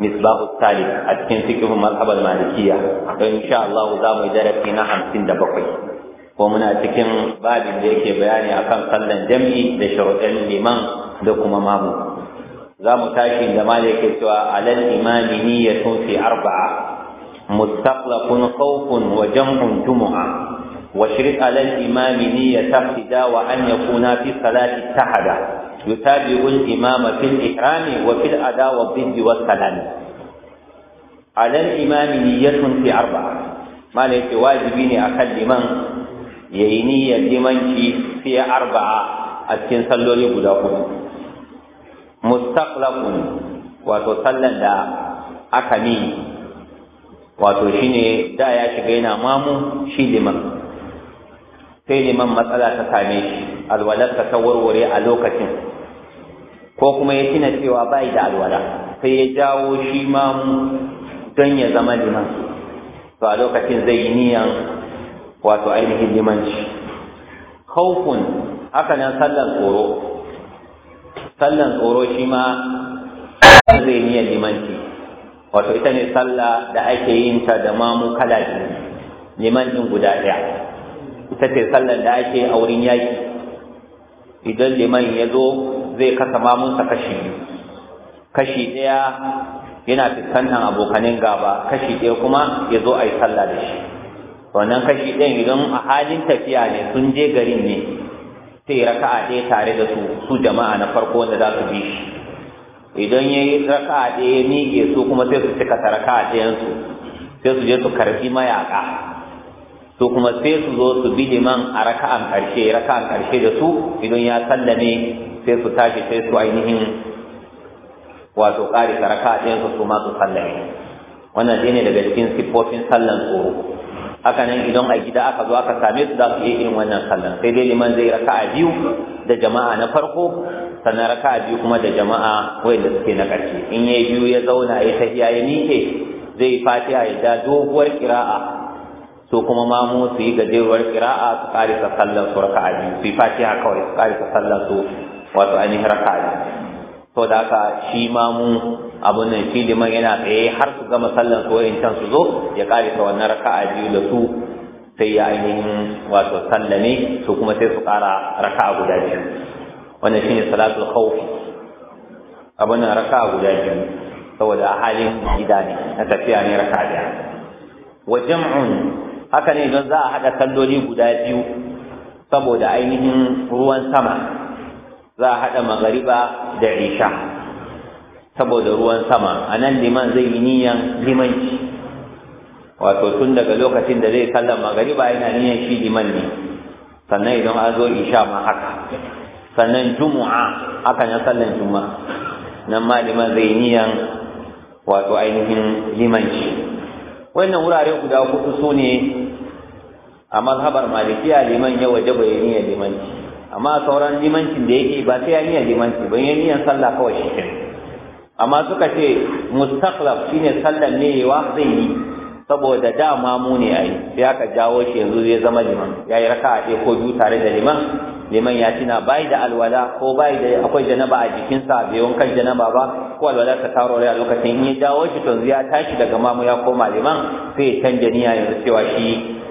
misbahu tsali a cikin fikihun mazhabar malikiya to insha Allah za mu yi darasi na hamsin da bakwai ko muna cikin babin da yake bayani akan sallan jam'i da sharuɗin liman da kuma mamu za mu tashi da malike cewa alal imami niyyatun fi arba'a mustaqlaqun khawfun wa jam'un jumu'a wa shirka lal imami niyyatun fi da wa an na fi salati tahada Lutabin wul iman masindin Rami wafin adawa bindigata ne. Adan imanin ni yadda fi arba'a. Malami wajibi ne akan liman yayi yi niyyar limanci fiye arba'a a cikin sallori guda hudu. Mustapha kun, wato Sallan da aka ni wato shine da ya shiga yana mamu shi ne Sai liman matsala ta same alwalarta ta warware a lokacin. ko kuma ya tina cewa bai da alwala sai ya jawo shi mamu don ya zama liman to a lokacin zai yi niyan wato ainihin limanci khawfun haka nan sallan tsoro sallan tsoro shi ma zai niyan limanci wato ita ne sallah da ake yin ta da mamu kala liman din guda ɗaya ita ce sallar da ake a wurin yaƙi idan liman ya zo zai kasa mamunsa kashi biyu kashi ɗaya yana fuskantar abokanin gaba kashi ɗaya kuma ya zo a yi sallah da shi wannan kashi ɗayan idan a halin tafiya ne sun je garin ne sai raka'a ɗaya tare da su su jama'a na farko wanda za su bi shi idan ya yi raka'a ɗaya ya miƙe su kuma sai su cika raka'a ɗayansu sai su je su karfi mayaƙa su kuma sai su zo su bi liman a raka'an ƙarshe raka'an ƙarshe da su idan ya sallame sai su tashi sai su ainihin wato ƙari karaka ɗayan su su masu sallame wannan shi ne daga cikin siffofin sallan tsoro haka nan idan a gida aka zo aka same su za su iya irin wannan sallan sai dai liman zai raka biyu da jama'a na farko sannan raka'a biyu kuma da jama'a wanda suke na ƙarshe in ya biyu ya zauna ya tafiya ya miƙe zai fatiha ya da doguwar ƙira'a to kuma mamu su yi gajeruwar kira'a su ƙarisa sallar su raka'a biyu su yi fatiha kawai su ƙarisa sallar su wato ainihin raka to da haka shi ma mu abun nan shi liman yana tsaye har su gama sallan su wayin can su zo ya kare ta wannan raka'a biyu da su sai ya ainihin wato sallame su kuma sai su kara raka'a guda biyu wannan shine salatul khawf abun nan raka'a guda biyu saboda a halin gida ne na tafiya ne raka'a daya wa jam'un haka ne don za a haɗa salloli guda biyu saboda ainihin ruwan sama za a haɗa magariba da isha saboda ruwan sama a nan liman zai yi niyan limanci wato tun daga lokacin da zai sallar magariba yana niyan shi liman ne sannan idan an zo isha ma haka sannan juma'a aka na sallar juma'a nan ma liman zai yi niyan wato ainihin limanci wannan wurare guda hudu su ne a mazhabar malikiya liman yau waje bayani ya limanci amma sauran limancin da yake ba sai ya niyan limanci ba ya niyan sallah kawai shi amma suka ce mustaqlab shine sallan neyewa zai yi saboda dama mu ne ai sai aka jawo shi yanzu zai zama liman yayi raka'a ɗaya ko biyu tare da liman liman ya tina bai da alwala ko bai da akwai janaba a jikinsa bai kan janaba ba ko alwala ta taro a lokacin in ya jawo shi to ya tashi daga mamu ya koma liman sai ya canja niyya yanzu cewa shi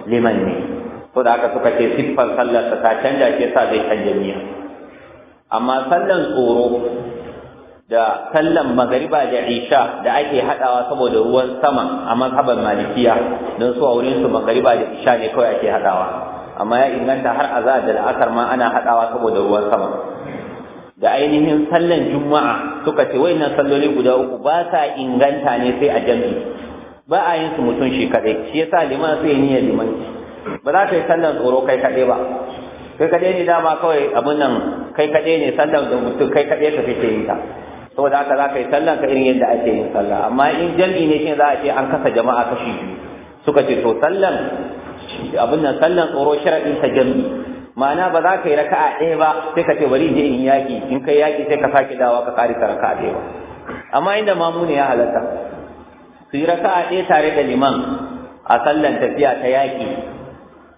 liman ne ko da aka suka ce siffar sallar ta canja ke sa zai canja miya. amma sallan tsoro da sallan magariba da isha da ake hadawa saboda ruwan sama a mazhaban malikiya don su a wurin su magariba da isha ne kawai ake hadawa amma ya inganta har a da la'akar ma ana hadawa saboda ruwan sama da ainihin sallan juma'a suka ce nan salloli guda uku ba sa inganta ne sai a jami'i ba a yin su mutum shi kadai shi yasa liman sai niyyar limanci ba za ka yi sallan tsoro kai kaɗai ba kai kaɗai ne dama kawai abin nan kai kaɗai ne sallar da mutum kai kaɗai ka fice yin ta saboda haka za ka yi sallar ka irin yadda ake yin sallah amma in jami'i ne shi za a ce an kasa jama'a kashi biyu suka ce to sallan abin nan sallan tsoro sharaɗin ta jami'i ma'ana ba za ka yi raka'a ɗaya ba sai ka ce bari je in yaƙi in kai yaƙi sai ka sake dawa ka ƙarisa raka'a ɗaya ba amma inda ne ya halatta su yi raka'a ɗaya tare da liman a sallan tafiya ta yaƙi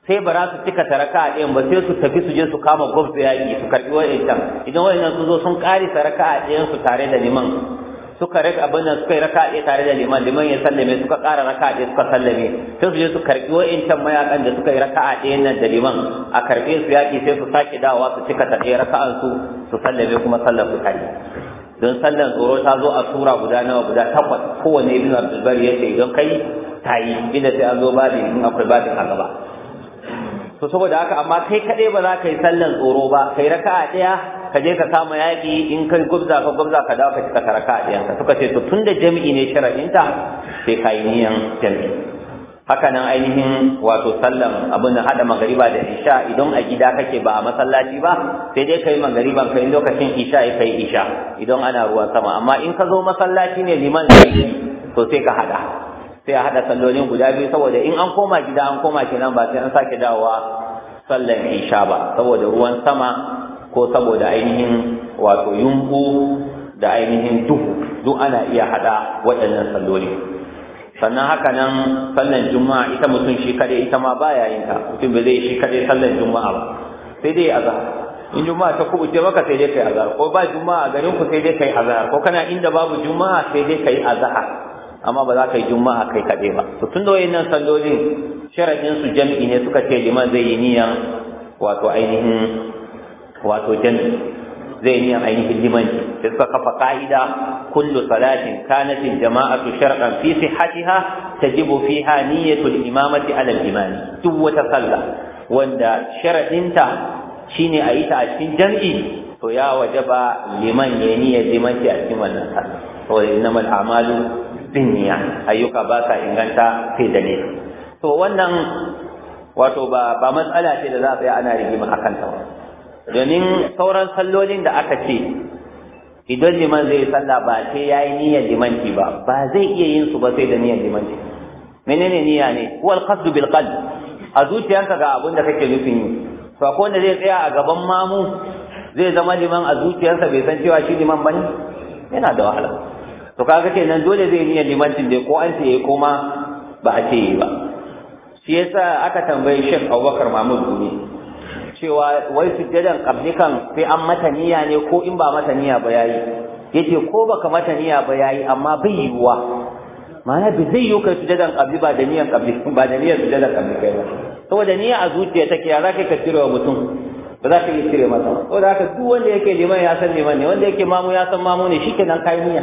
sai ba za su cika taraka a ɗayan ba sai su tafi su je su kama gwamnati yaƙi su karɓi wa'incan idan wani su zo sun ƙari taraka a ɗayan su tare da liman suka rika abin da suka yi raka ɗaya tare da liman liman ya sallame suka ƙara raka ɗaya suka sallame sai su je su karɓi wa'incan mayaƙan da suka yi raka a ɗayan nan da liman a karɓe su yaƙi sai su sake dawowa su cika ta ɗaya raka'an su su sallame kuma sallar su kari don sallar tsoro ta zo a sura guda nawa guda takwas kowane ibn abdulbari ya ce idan kai ta yi inda sai an zo babin in akwai babin a gaba to saboda haka amma kai kaɗai ba za ka yi sallan tsoro ba kai raka'a ɗaya ka je ka samu yaƙi in kai gubza ka gubza ka dawo ka cika ka raka'a ɗayan ka suka ce to tunda jami'i ne ta sai ka yi niyan jami'i haka nan ainihin wato sallan abin da haɗa magariba da isha idan a gida kake ba a masallaci ba sai dai kai magariban kai lokacin isha ya kai isha idan ana ruwan sama amma in ka zo masallaci ne liman to sai ka haɗa sai a haɗa sallolin guda biyu saboda in an koma gida an koma kenan ba sai an sake dawowa sallan isha ba saboda ruwan sama ko saboda ainihin wato yunku da ainihin duhu duk ana iya haɗa waɗannan salloli sannan haka nan sallan juma'a ita mutum shi kadai ita ma baya yin ta mutum ba zai shi kadai sallan juma'a ba sai dai azhar in juma'a ta kubuce maka sai dai kai azhar ko ba juma'a garin ku sai dai kai azhar ko kana inda babu juma'a sai dai kai azhar amma ba za ka yi juma'a kai kaɗai ba to tun da wayannan sallolin sharadin su jam'i ne suka ce liman zai yi niyan wato ainihin wato jam'i zai yi niyan ainihin limanci da suka kafa ka'ida kullu salatin kanat jama'atu sharqan fi sihhatiha tajibu fiha niyyatu imamati ala al-imani duk wata sallah wanda sharadinta shine a yi ta a cikin jam'i to ya wajaba liman ya niyyar limanci a cikin wannan sallah wa innamal a'malu bin ayyuka ba sa inganta sai da niyya to wannan wato ba ba matsala ce da za a tsaya ana rigima a kanta ba domin sauran sallolin da aka ce idan liman zai sallah ba sai ya yi niyyar limanci ba ba zai iya yin su ba sai da niyyar limanci menene niyya ne wal qasdu bil qalb a zuciyarka ga abin da kake nufin yi to akwai wanda zai tsaya a gaban mamu zai zama liman a zuciyarsa bai san cewa shi liman bane yana da wahala to kaga kenan dole zai niyyar limantin dai ko an ce ko ma ba a ce ba shi yasa aka tambayi Sheikh Abubakar Mahmud Gumi cewa wai sujjadan dadan kan sai an mata niyya ne ko in ba mata niyya ba yayi yace ko baka mata niyya ba yayi amma bai yiwuwa ma'ana bai zai yiwu kai sujjadan kabli ba da niyyan kabli ba da niyyan sujjadan kabli kai ba saboda niyya a zuciya take ya zaka ka cire wa mutum ba za ka iya cire masa saboda haka duk wanda yake liman ya san liman ne wanda yake mamu ya san mamu ne shikenan kai niyya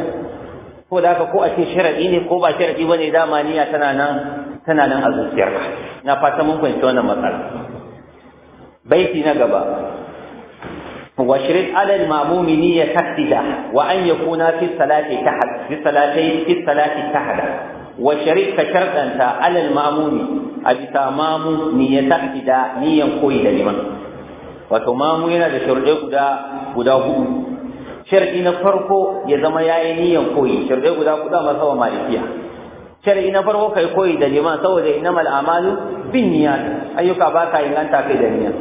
ko da haka ko a ce sharadi ne ko ba sharadi bane dama niyya tana nan tana nan a zuciyarka na fata mun fahimci wannan matsala baiti na gaba واشرد على المأموم نية تحددا وأن يكون في الصلاة تحت في الصلاة في الصلاة تحت وشرد كشرط أنت على المأموم أبي تمام نية تحددا نية قوية لمن وتمام هنا لشرط guda guda hudu shar'i na farko ya zama yayi niyan koyi shar'i guda guda masa wa malikiya shar'i na farko kai koyi da liman saboda innamal a'malu niyyat ayyuka ba ka inganta kai da niyya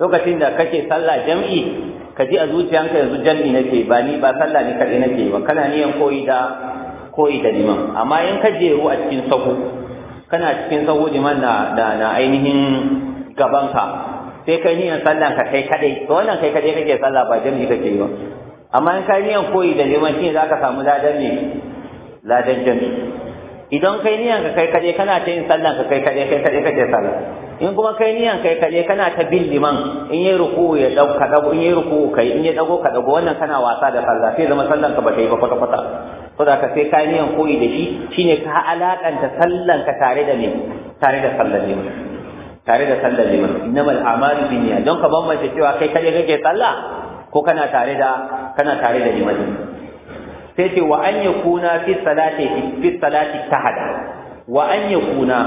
lokacin da kake sallah jam'i ka ji a zuciyanka yanzu jam'i nake ba ni ba sallah ne kadai nake ba kana niyan koyi da koyi da liman amma in ka jeru a cikin sahu kana cikin sahu liman na na ainihin gabanka sai kai niyan sallan ka kai kadai to wannan kai kadai kake sallah ba jam'i kake yi ba amma in kai niyan koyi da neman shi za ka samu ladan ne ladan jami idan kai niyan ka kai kaje kana ta yin sallan ka kai kaje kai kaje kaje sallah in kuma kai niyan kai kaje kana ta bin liman in yi ruku ya dau ka dago in yi ruku kai in ya dago ka dago wannan kana wasa da sallah sai zama sallan ka ba ta yi ba kwata kwata da ka sai kai niyan koyi da shi shine ka alakanta sallan ka tare da me tare da sallan ne tare da sallar ne innamal a'malu binniyat don ka bambance cewa kai kaje kake sallah ko kana tare da kana tare da limani sai ce wa an yakuna fi salati fi salati tahada wa an yakuna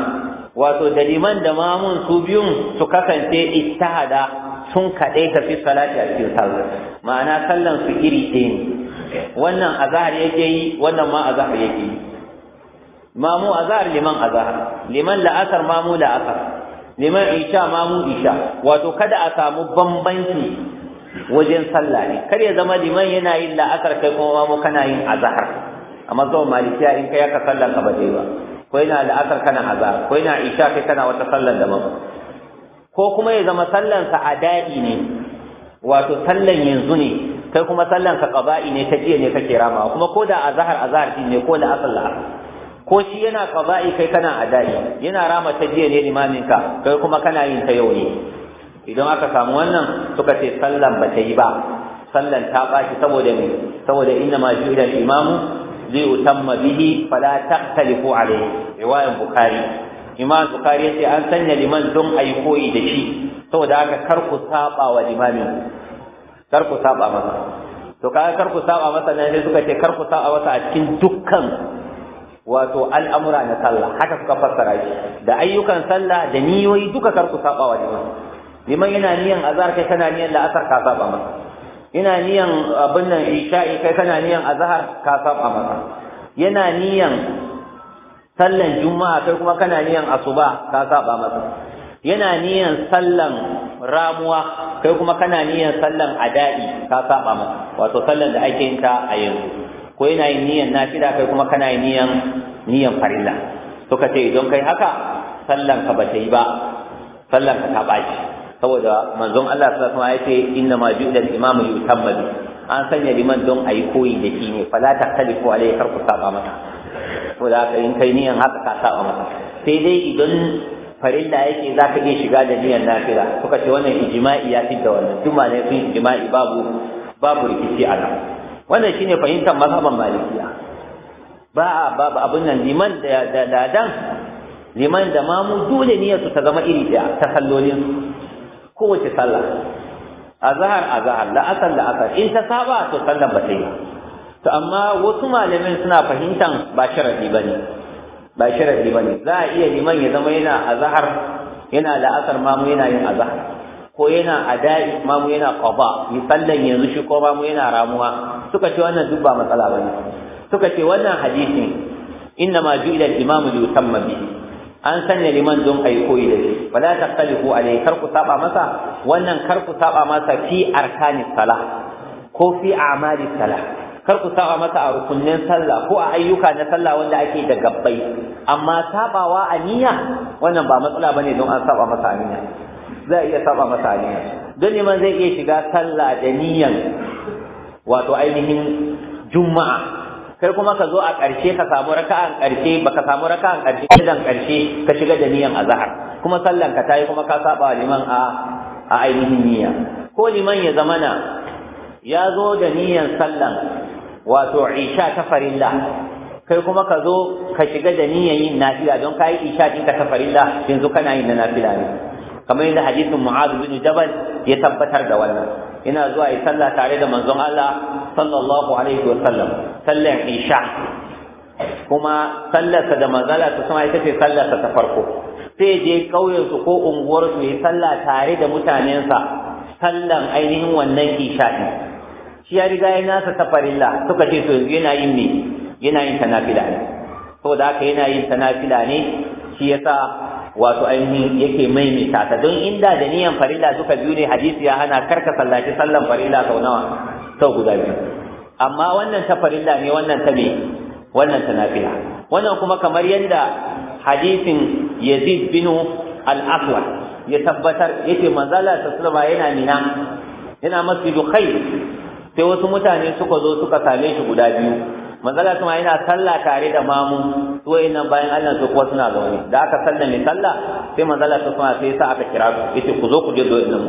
wato da liman da mamun su biyun su kasance ittahada sun kaɗai ta fi salati a cikin sallar ma'ana sallan su iri ɗaya wannan azhar yake yi wannan ma azhar yake yi mamu azhar liman azhar liman la'asar mamu la'asar liman isha mamu isha wato kada a samu bambanci wajen sallah ne kar ya zama liman yana yin la'asar kai kuma mamu kana yin azhar amma zuwa malikiya in kai aka sallah ka ba ba ko yana la'asar kana azhar ko yana isha kai kana wata sallar daban ko kuma ya zama sallansa ada'i ne wato sallan yanzu ne kai kuma sallan ka qaba'i ne ta jiya ne kake ramawa kuma ko da azhar azhar din ne ko da asal ko shi yana qaba'i kai kana ada'i yana rama ta jiya ne limamin ka kai kuma kana yin ta yau ne idan aka samu wannan suka ce sallan ba ta yi ba sallan ta baki saboda me saboda inna ma ju'ila al-imamu zai utamma bihi fala taqtalifu alayhi riwayan bukhari imam bukhari yace an sanya liman don ayi koyi da shi saboda haka kar ku saba wa limamin kar ku saba masa to kaga kar ku saba masa ne sai suka ce kar ku saba masa a cikin dukkan wato al'amura na sallah haka suka fassara shi da ayyukan sallah da niyoyi duka karku saba wa limamin liman yana niyan azhar kai kana niyan la'asar ka saba masa ina niyan abin nan isha'i kai kana niyan azhar ka saba masa yana niyan sallan juma'a kai kuma kana niyan asuba ka saba masa yana niyan sallan ramuwa kai kuma kana niyan sallan ada'i ka saba masa wato sallan da ake yin ta a yanzu ko yana yin niyan nafila kai kuma kana yin niyan niyan farilla to ka ce idan kai haka sallan ka ba ta yi ba sallan ka ta baci saboda manzon Allah sallallahu alaihi wasallam ya ce inna ma ju'ila al-imam yutamma bi an sanya liman don ayi koyi da shi ne fala taktalifu alaihi kar ku saba masa saboda haka in kai niyan haka ka saba mata. sai dai idan farilla yake za ka iya shiga da niyan nafila suka ce wannan ijma'i ya fi da wannan duk ne sun ijma'i babu babu rikici a nan wannan shine fahimtar mazhaban malikiya ba a babu abin nan liman da da ladan liman da mamu dole niyyar su ta zama iri daya ta sallolin kowace sallah azhar azhar la'asar la'asar in ta saba to sallan ba ta yi to amma wasu malamin suna fahimtan ba sharadi bane ba sharadi bane za a iya liman ya zama yana zahar yana la'asar ma mu yana yin azhar ko yana adai ma mu yana qaba sallan yanzu shi ko ma mu yana ramuwa suka ce wannan duk ba matsala bane suka ce wannan hadisin inna ma ju'ila al-imamu li yusamma bihi an sanya liman don a yi koyi da shi wala taqtalifu alai kar ku saba masa wannan kar ku saba masa fi arkani sala ko fi a'mali sala kar ku saba masa a rukunnin sallah ko a ayyuka na sallah wanda ake da gabbai amma sabawa a niyya wannan ba matsala bane don an saba masa a niyya za iya saba masa a niyya don liman zai iya shiga sallah da niyyan wato ainihin juma'a kai kuma ka zo a ƙarshe ka samu raka'an ƙarshe baka samu raka'an ƙarshe ƙarshe ka shiga da niyan azhar kuma sallan ka tayi kuma ka saba liman a a ainihin niyya ko liman ya zamana ya zo da niyan sallan wato isha ta farilla kai kuma ka zo ka shiga da niyan yin nafila don kayi isha din ka ta farilla yanzu kana yin na nafila ne kamar yadda hadisin Mu'adh bin Jabal ya tabbatar da wannan ina zuwa yi sallah tare da manzon Allah sallallahu alaihi wa sallam sallar isha kuma sallarsa da manzala ta sama ita ce sallarsa ta farko sai je kauyen su ko unguwarsu su yi sallah tare da mutanensa sallan ainihin wannan isha din shi ya riga ya nasa tafarilla suka ce to yanzu yana yin me yana yin tanafila ne saboda haka yana yin tanafila ne shi yasa wato ainihin yake maimaita ta don inda da niyan farilla suka biyu ne hadisi ya hana karka sallaci sallan farilla sau nawa sau guda biyu amma wannan ta farilla ne wannan ta me wannan ta nafila wannan kuma kamar yadda hadisin Yazid bin al-Aswad ya tabbatar yace manzala ta sallama yana mina yana masjidu khair sai wasu mutane suka zo suka same shi guda biyu manzala kuma yana sallah tare da mamu su wayannan bayan Allah su kuwa suna zaune da aka ne sallah sai manzala su kuma sai sa aka kira su yace ku zo ku je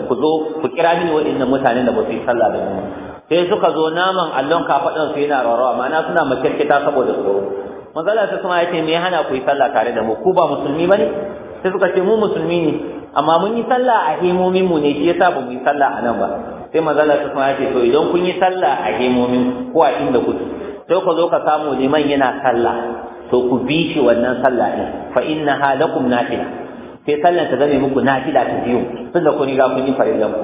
ku zo ku kira wa inna mutanen da ba su yi sallah da mu sai suka zo naman allon kafadan su yana rarawa ma'ana suna makirkita saboda tsoro manzala su kuma yace me hana ku yi sallah tare da mu ku ba musulmi bane sai suka ce mu musulmi ne amma mun yi sallah a himomin mu ne shi yasa ba mu yi sallah a nan ba sai manzala su kuma yace to idan kun yi sallah a himomin ko a inda kuke sai ku zo ka samu liman yana sallah to ku bi shi wannan sallah ɗin, fa innaha lakum nafila sai sallan ta zame muku nafila ta biyu da ku riga kun yi farillan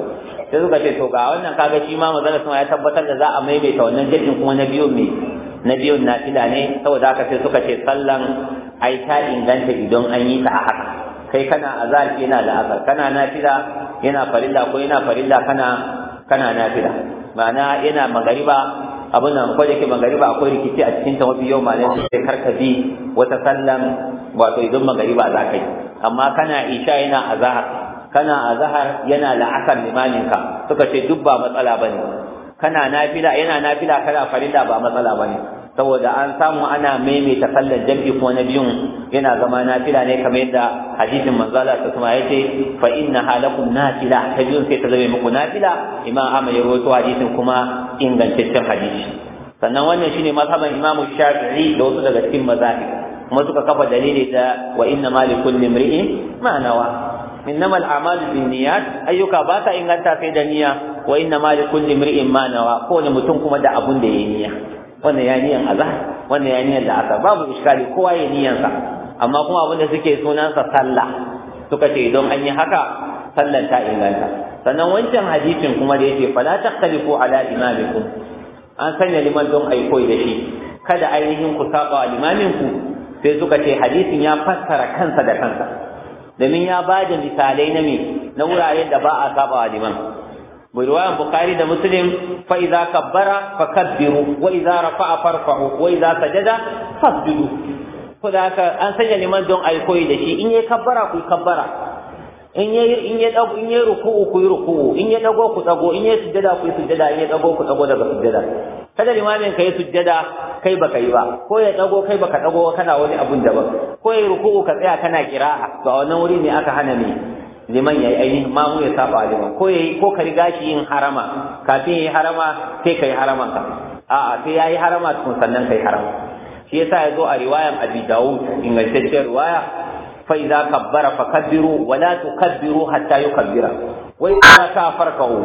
ku sai suka ce to ga wannan kaga shi ma manzon sama ya tabbatar da za a maimaita wannan jaddin kuma na biyu me na biyun nafila ne saboda haka sai suka ce sallan ai ta inganta idan an yi ta a haka kai kana azal yana da azal kana nafila yana farilla ko yana farilla kana kana nafila ma'ana yana magariba abin nan kwai da ke magariba akwai rikici a cikin ta mafi yau malai su sai karka bi wata sallan wato idan magariba za ka yi amma kana isha yana azhar kana azhar yana la'asar limaninka suka ce duk ba matsala bane, kana nafila yana nafila kana farida ba matsala bane. saboda an samu ana maimaita sallar jam'i ko na biyun yana zama nafila ne kamar yadda hadisin manzala ta kuma yace fa inna halakum nafila ta biyun sai ta zame muku nafila imam ahmad ya rawaito hadisin kuma ingantaccen hadisi sannan wannan shine mazhaban imamu shafi'i da wasu daga cikin mazahib kuma suka kafa dalili da wa inna ma likulli imri'in ma nawa innamal a'malu binniyat ayyuka ba ta inganta sai da niyya wa inna ma likulli imri'in ma nawa kowane mutum kuma da abun da yayi niyya wannan ya niyan azan, wannan ya niyan la'asar babu iskali kowa ya niyansa amma kuma abin da suke sunansa sallah suka ce idan an yi haka sallar ta inganta sannan wancan hadisin kuma da yake fala ko ala imamikum an sanya liman don ai da shi kada ainihin ku saba limamin ku sai suka ce hadisin ya fassara kansa da kansa domin ya ba da misalai na me na wuraren da ba a saba liman بروايه bukhari da مسلم فاذا كبر kabbara واذا رفع idza واذا سجد wa فذاك ان سجد لمن دون an sanya liman don ai koyi da shi in yayi kabbara ku kabbara in yayi in yayi dago in in yayi dago ku dago in sujjada kada limamin kai sujjada kai baka yi ba ko ya dago kai baka dago kana wani abun daban ko ya ruku'u ka tsaya kana kira'a to a wannan wuri ne aka hana ne liman yayi ainihin mu ya saba liman ko yayi ko ka riga shi yin harama kafin yayi harama sai kai haraman ka a'a sai yayi harama tukun sannan kai harama shi yasa yazo a riwayan Abi Dawud ingantacciyar riwaya fa idza kabbara fakabbiru wa la tukabbiru hatta yukabbira wa idza kafarkahu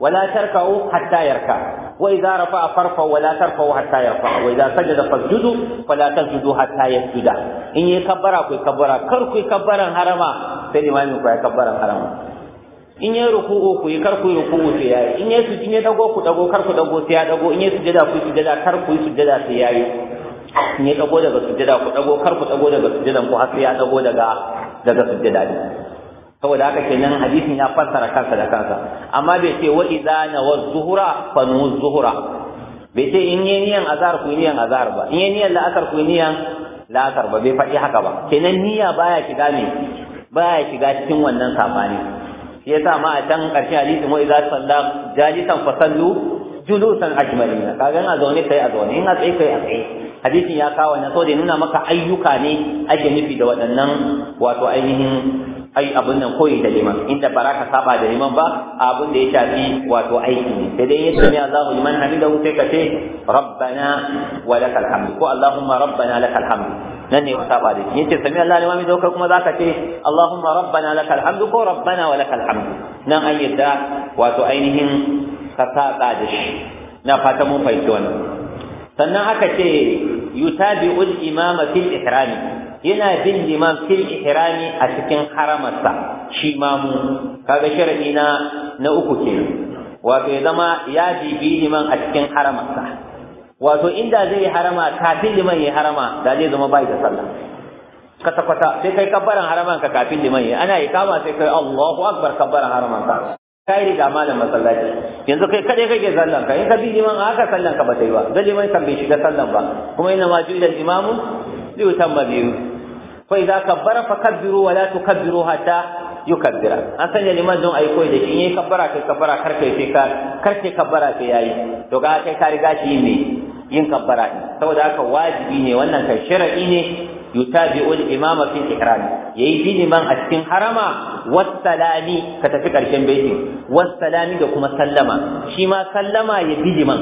ولا تركعوا حتى يركع وإذا رفع فارفعوا ولا ترفعوا حتى يرفع وإذا سجد فاسجدوا فلا تسجدوا حتى يسجد إن يكبر كوي كبر كر كوي كبر حرما sai limamin ku ya kabbaran harama in yi ruku'u ku yi kar ku ruku'u sai yayi in yi sujud ne ku dago kar ku dago sai ya dago in yi sujada ku yi sujada kar ku yi sujada sai yayi in yi dago daga sujada ku dago kar ku dago daga sujadan ku har sai ya saboda haka kenan hadisin ya fassara kansa da kansa amma bai ce wa idza nawaz zuhura fa nuwaz zuhura bai ce in yi niyan azhar ku niyan azhar ba in yi niyan la'asar ku niyan la'asar ba bai faɗi haka ba kenan niyya baya shiga ne baya shiga cikin wannan sabani shi yasa ma a can ƙarshen hadisi wa idza salla jalisan fa sallu julusan ajmalina kaga a zaune kai a zaune in a tsaye kai a tsaye hadisin ya kawo na so da nuna maka ayyuka ne ake nufi da waɗannan wato ainihin ai abin nan koyi da liman inda ba za ka saba da liman ba abin da ya shafi wato aiki ne sai dai yadda mai Allahu liman hamidahu sai ka ce rabbana wa lakal hamd ko allahumma rabbana lakal hamd nan ne ka saba da yace sami Allah liman hamidahu kai kuma zaka ce allahumma rabbana lakal hamd ko rabbana wa lakal hamd nan an yadda wato ainihin ka saba da shi na fata mun fahimci wannan sannan aka ce yutabi'u al-imama fil ihrami yana bin liman fil ihrami a cikin haramarsa shi mamu kaga sharadi na na uku ke. wato ya zama ya bibi liman a cikin haramarsa wato inda zai harama kafin liman ya harama da zai zama bai da sallah kwata kwata sai kai kabbaran haraman ka kafin liman ya ana kama sai kai Allahu akbar kabbaran haraman ka kai riga malam masallaci yanzu kai kade kake sallan ka in ka bi liman haka sallan ka ba ta yi ba zai liman kan bai shiga sallan ba kuma ina ma ju'ila imamu bai wutan ba biyu kai za ka bara fa kabbiru wala tu kabbiru hatta yukabbira an sanya liman don ayi koyi da shi yayi kabbara kai kabbara kar kai sai ka kar kai kabbara kai yayi to ga kai ka riga shi ne yin kabbara saboda haka wajibi ne wannan kai shar'i ne yutabi'u al-imama fi ihrami yayi bi liman a cikin harama wassalami ka tafi karshen baitin wassalami da kuma sallama shi ma sallama ya bi liman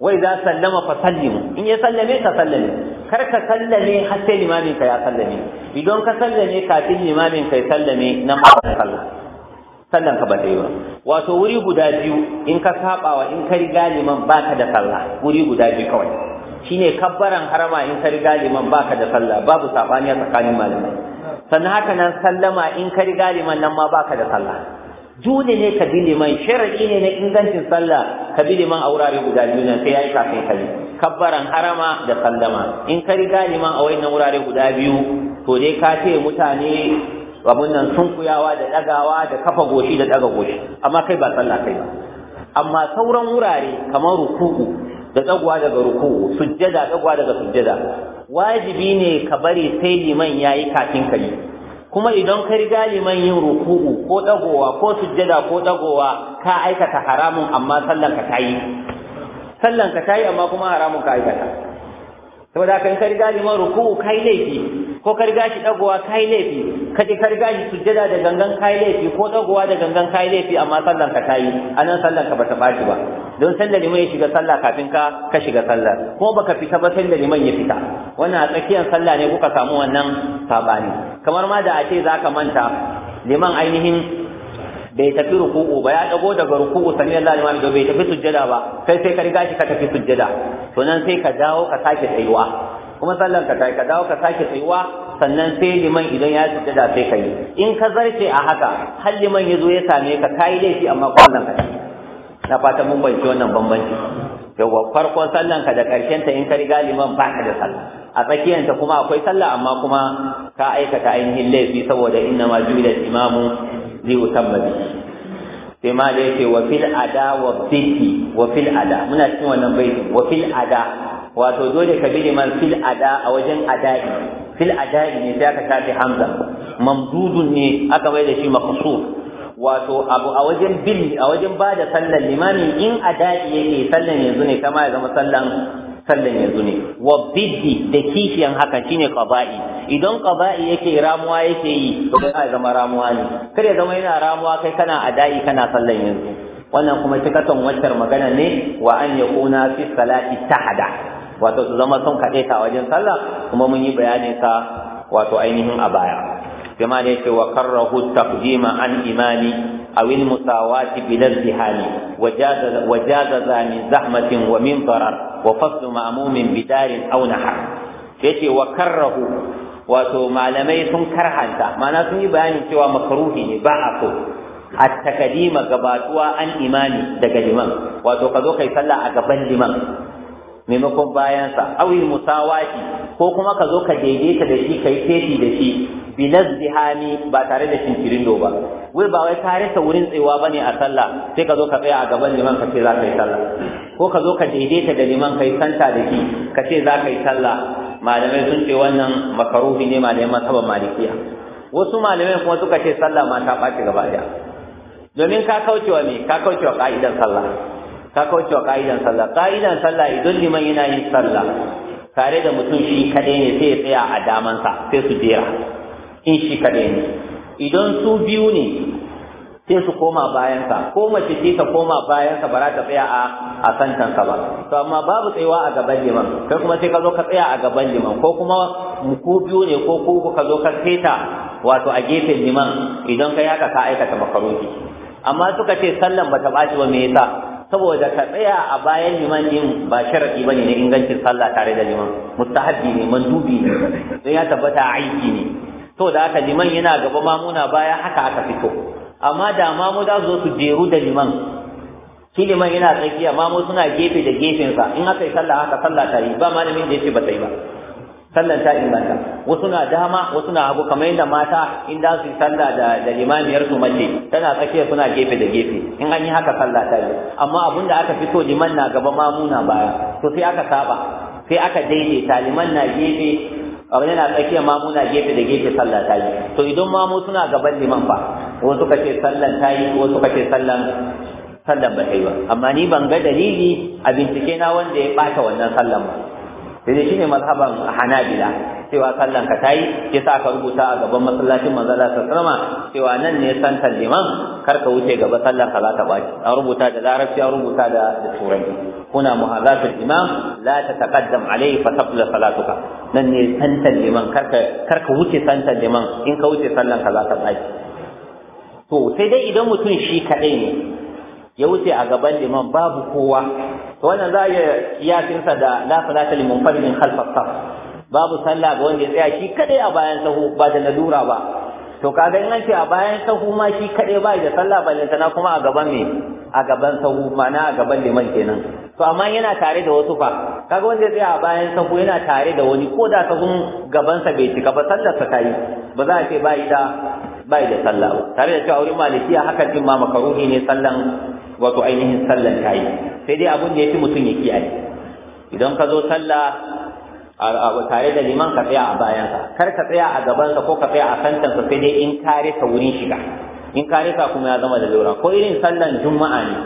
wai za sallama fa sallimu in ya sallame ka sallame kar ka sallame har sai limamin ka ya sallame idan ka sallame kafin limamin ka ya sallame nan ma ka sallah sallan ka ba ta yi ba wato wuri guda biyu in ka wa in ka riga liman baka da sallah wuri guda biyu kawai shine kabbaran harama in ka riga liman baka da sallah babu sabani a tsakanin malamai sannan haka nan sallama in ka riga liman nan ma baka da sallah dole ne ka bi liman shar'i ne na ingancin sallah ka bi liman a wurare guda biyu nan sai ya yi kafin kai kabbaran harama da sallama in ka riga liman a wayannan wurare guda biyu to dai ka ce mutane abun nan sunkuyawa da dagawa da kafa goshi da daga goshi amma kai ba sallah kai ba amma sauran wurare kamar ruku'u da tsaguwa daga ruku sujjada tsaguwa daga sujjada wajibi ne ka bari sai liman yayi kafin ka yi kuma idan ka riga liman yin ruku'u ko dagowa ko sujjada ko dagowa ka aikata haramun amma sallan ka tayi sallan ka tayi amma kuma haramun ka aikata saboda haka in ka riga liman ruku'u kai laifi ko ka riga shi dagowa kai laifi ka je ka riga shi sujjada da gangan kai laifi ko dagowa da gangan kai laifi amma sallan ka tayi anan sallan ka bata baci ba don sallan liman ya shiga sallah kafin ka ka shiga sallah ko baka fita ba sallan liman ya fita wannan a tsakiyar sallah ne kuka samu wannan sabani kamar ma da a ce zaka manta liman ainihin bai tafi ruku'u ba ya dago daga ruku'u sami Allah limami bai tafi sujjada ba kai sai ka gashi ka tafi sujjada to nan sai ka dawo ka sake tsayuwa kuma sallar ka kai ka dawo ka sake tsayuwa sannan sai liman idan ya da sai ka yi in ka zarce a haka har liman ya zo ya same ka kai laifi amma kwallon ka na fata mun bayyana wannan bambanci wa farkon sallan ka da karshen ta in ka riga liman ba ka da sallah a tsakiyar ta kuma akwai sallah amma kuma ka aikata ainihin laifi saboda inna ma ju'ila imamu li utamma sai ma da yake wa fil ada wa fil ada muna cikin wannan baiti wa fil ada wato dole ka bi liman fil ada a wajen ada'i fil ada'i ne sai ka tafi hamza mamdudun ne aka bai da shi maqsur wato abu a wajen bil a wajen ba da sallan limami in ada'i yake sallan yanzu ne kama ya zama sallan sallan yanzu ne wa biddi da kishiyan haka shine qada'i idan ƙaba'i yake ramuwa yake yi to ba zama ramuwa ne kar ya zama yana ramuwa kai kana ada'i kana sallan yanzu wannan kuma cikakken wancan magana ne wa an yakuna fi salati tahada wato su zama sun kaɗe ta wajen sallah kuma mun yi bayanin sa wato ainihin a baya jama'a ne ce wa karrahu taqdima an imani aw al musawati bil izdihani wajaza wajaza zahmatin wa min darar wa fasl ma'mumin bidarin aw nahar yace wa karrahu wato malamai sun karhanta ma'ana sun yi bayanin cewa makaruhi ne ba a so a takadima gabatuwa an imani daga liman wato ka zo kai sallah a gaban liman maimakon bayansa awil musawati ko kuma ka zo ka daidaita da shi kai feti da shi bi nazdihani ba tare da do ba wai ba wai tare ta wurin tsayawa bane a sallah sai ka zo ka tsaya a gaban liman ka ce za ka yi sallah ko ka zo ka daidaita da liman kai santa da shi ka ce za ka yi sallah malamai sun ce wannan makaruhi ne malamai masaba malikiya wasu malamai kuma suka ce sallah ma ta ɓaci gaba daya domin ka kaucewa ne ka kaucewa ka'idan sallah ka kauce wa ka'idan sallah ka'idan sallah idan liman yana yin sallah tare da mutum shi kaɗai ne sai ya tsaya a damansa sai su jera in shi kaɗai ne idan su biyu ne sai su koma bayansa ko mace ce ta koma bayansa ba za ta tsaya a a santansa ba to amma babu tsayawa a gaban liman kai kuma sai ka zo ka tsaya a gaban liman ko kuma ku biyu ne ko ku ka zo ka seta wato a gefen liman idan kai haka ka aikata makaruki amma suka ce sallan bata baci ba me yasa saboda ka tsaya a bayan liman din ba sharadi bane ne ingancin sallah tare da liman mustahabbi ne mandubi ne don ya tabbata aiki ne to da haka liman yana gaba mamuna baya haka aka fito amma da mamu da zo su jeru da liman shi liman yana tsakiya mamu suna gefe da gefensa in aka yi sallah haka sallah tare ba malamin da ce ba tsayi ba sallan ta inganta wasu na dama wasu na hagu kamar yadda mata in za su yi sallah da da limamiyar su mace tana tsakiya suna gefe da gefe in an yi haka sallah ta yi amma abin da aka fito liman na gaba mamuna baya to sai aka saba sai aka daidaita liman na gefe abin yana tsakiya mamuna gefe da gefe sallah ta yi to idan mamu suna gaban liman ba wasu suka ce sallan ta yi wasu suka ce sallan sallan ba ta yi ba amma ni ban ga dalili a bincike na wanda ya bata wannan sallan ba sai shine mazhaban hanabila cewa sallan ka tayi ya sa ka rubuta a gaban masallacin manzo Allah sallama cewa nan ne santan liman kar ka wuce gaba sallan ka za ta baki an rubuta da larabci an rubuta da da turanci kuna muhazatul imam la tataqaddam alayhi fa tabla salatuka nan ne santan liman kar ka kar ka wuce santan liman in ka wuce sallan ka za ta baki to sai dai idan mutum shi kadai ne ya wuce a gaban liman babu kowa to wannan za a iya kiyasinsa da la salata lil munfaridin khalfa saf babu sallah ga wanda ya tsaya shi kadai a bayan sahu ba da nadura ba to kaga in an ce a bayan sahu ma shi kadai ba da sallah na kuma a gaban me a gaban sahu na a gaban liman kenan to amma yana tare da wasu fa kaga wanda ya tsaya a bayan sahu yana tare da wani ko da sahun gabansa bai cika ba sallarsa ta yi ba za a ce ba da ba da sallah ba tare da cewa wurin malikiya haka din ma makaruhi ne sallan wato ainihin sallar ta yi sai dai abin da ya fi mutum ya kiyaye idan ka zo sallah tare da liman ka tsaya a bayansa kar ka tsaya a gabansa ko ka tsaya a kantansa sai dai in ka wurin shiga in ka kuma ya zama da laura ko irin sallan juma'a ne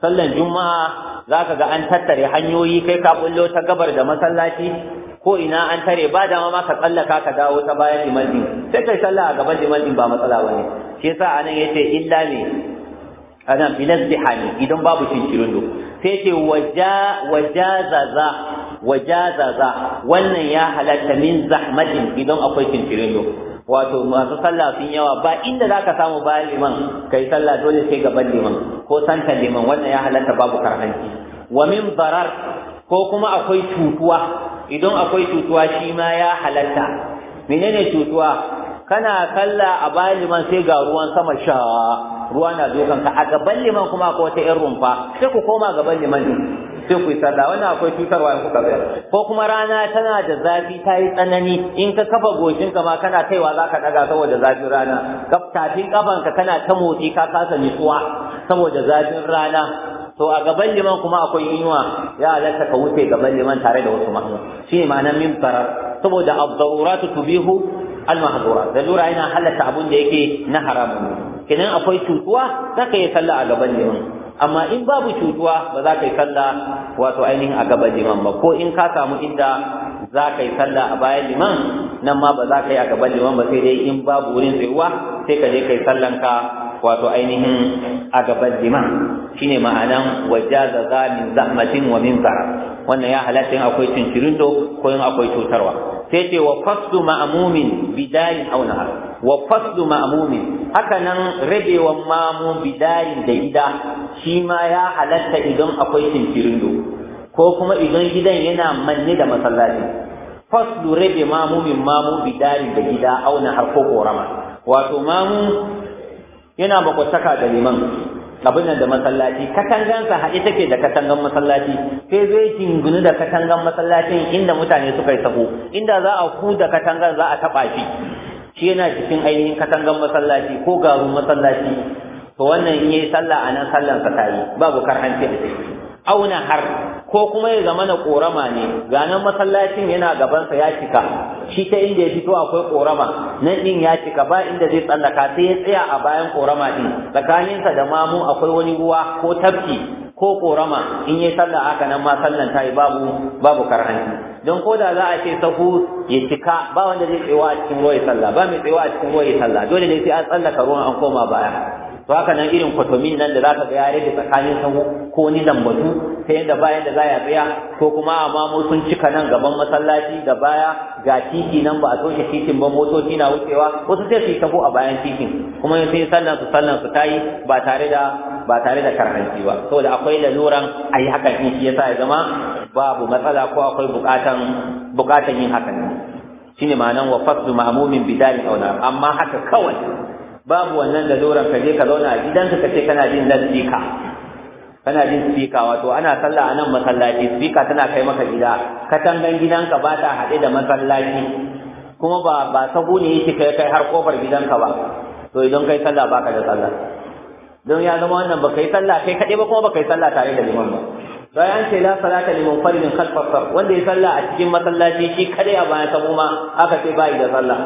sallan juma'a za ka ga an tattare hanyoyi kai ka bullo ta gabar da masallaci ko ina an tare ba dama ma ka tsallaka ka dawo ta bayan liman sai kai sallah a gaban liman ba matsala bane shi yasa anan yace illa ne ana minazdihani idan babu cincirindo sai ce wajazaza wajazaza wannan ya halatta min zahmatin idan akwai cincirindo wato masu sallah sun yawa ba inda za ka samu ba liman kai sallah dole sai gaban liman ko santa liman wannan ya halatta babu karhanci wa min barar ko kuma akwai cutuwa idan akwai cutuwa shi ma ya halatta menene cutuwa kana kalla a bayan liman sai ga ruwan sama sha ruwa na zo ka a gaban liman kuma akwai wata ƴan rumfa sai ku koma gaban liman ne. sai ku yi sallah wannan akwai cutarwa in kuka bayar ko kuma rana tana da zafi ta yi tsanani in ka kafa goshinka ma kana kaiwa za ka daga saboda zafin rana tafin ƙafanka kana ta motsi ka kasa nutsuwa saboda zafin rana to a gaban liman kuma akwai inuwa ya halatta ka wuce gaban liman tare da wasu mahimman shi ne ma'anar min saboda abdaruratu tubihu al lalura yana halatta abun da yake na haramun kenan akwai cutuwa za ka yi sallah a gaban liman amma in babu cutuwa ba za ka yi sallah wato ainihin a gaban liman ba ko in ka samu inda za ka yi sallah a bayan liman nan ma ba za ka yi a gaban liman ba sai dai in babu wurin tsayuwa sai ka je ka yi sallanka wato ainihin a gaban liman shine ma'anan wajaza za min zahmatin wa min zara wannan ya halatta in akwai cincirindo ko in akwai cutarwa sai ce wa fasdu ma'mumin bidarin aw nahar wa fasdu ma'mumin haka nan rabewan mamu bidarin da gida shi ma ya halatta idan akwai cincirindo ko kuma idan gidan yana manne da masallaci Fasdu rabe mamumin min mamu da gida auna har ko korama wato mamu yana makwataka da liman abin nan da masallaci katangansa haɗe take da katangan masallaci sai zai jingunu da katangan masallacin inda mutane suka yi sako inda za a da katangan za a taɓa shi shi yana cikin ainihin katangan masallaci ko garun masallaci to wannan in yayi sallah a nan sa ta yi babu karhanci a ciki auna har ko kuma ya zama na korama ne ganin masallacin yana gabansa ya cika shi ta inda ya fito akwai korama nan din ya cika ba inda zai tsallaka sai ya tsaya a bayan korama din tsakaninsa da mamu akwai wani ruwa ko tafki ko korama in ya sallah haka nan ma sallan ta yi babu babu karhanci don ko da za a ce sahu ya cika ba wanda zai tsewa a cikin ruwa ya sallah ba mai tsewa a cikin ruwa ya sallah dole ne sai an tsallaka ruwan an koma baya to haka nan irin kwatomin nan da zaka ga ya rage tsakanin sahu ko ni lambatu ta yadda bayan da za ya tsaya ko kuma amma sun cika nan gaban masallaci da baya ga titi nan ba a toshe titin ba motoci na wucewa wasu sai su yi taho a bayan titin kuma sai sallan su sallan su tayi ba tare da ba tare da karhanci ba saboda akwai laluran ayi hakan in shi yasa ya zama babu matsala ko akwai bukatan bukatan yin hakan shine ma'anan wa faslu ma'mumin bidali aw amma haka kawai babu wannan laluran ka je ka zauna a gidanka ka ce kana jin nan speaker kana jin speaker wato ana sallah a nan masallaci speaker tana kai maka gida katangan gidanka ba ta haɗe da masallaci kuma ba ba sahu ne yake kai kai har kofar gidanka ba to idan kai sallah baka da sallah don ya zama wannan baka yi sallah kai kaɗai ba kuma baka yi sallah tare da liman ba bayan ce la salata liman faridin khalfa wanda ya sallah a cikin masallaci shi kaɗai a bayan sahu ma aka ce bai da sallah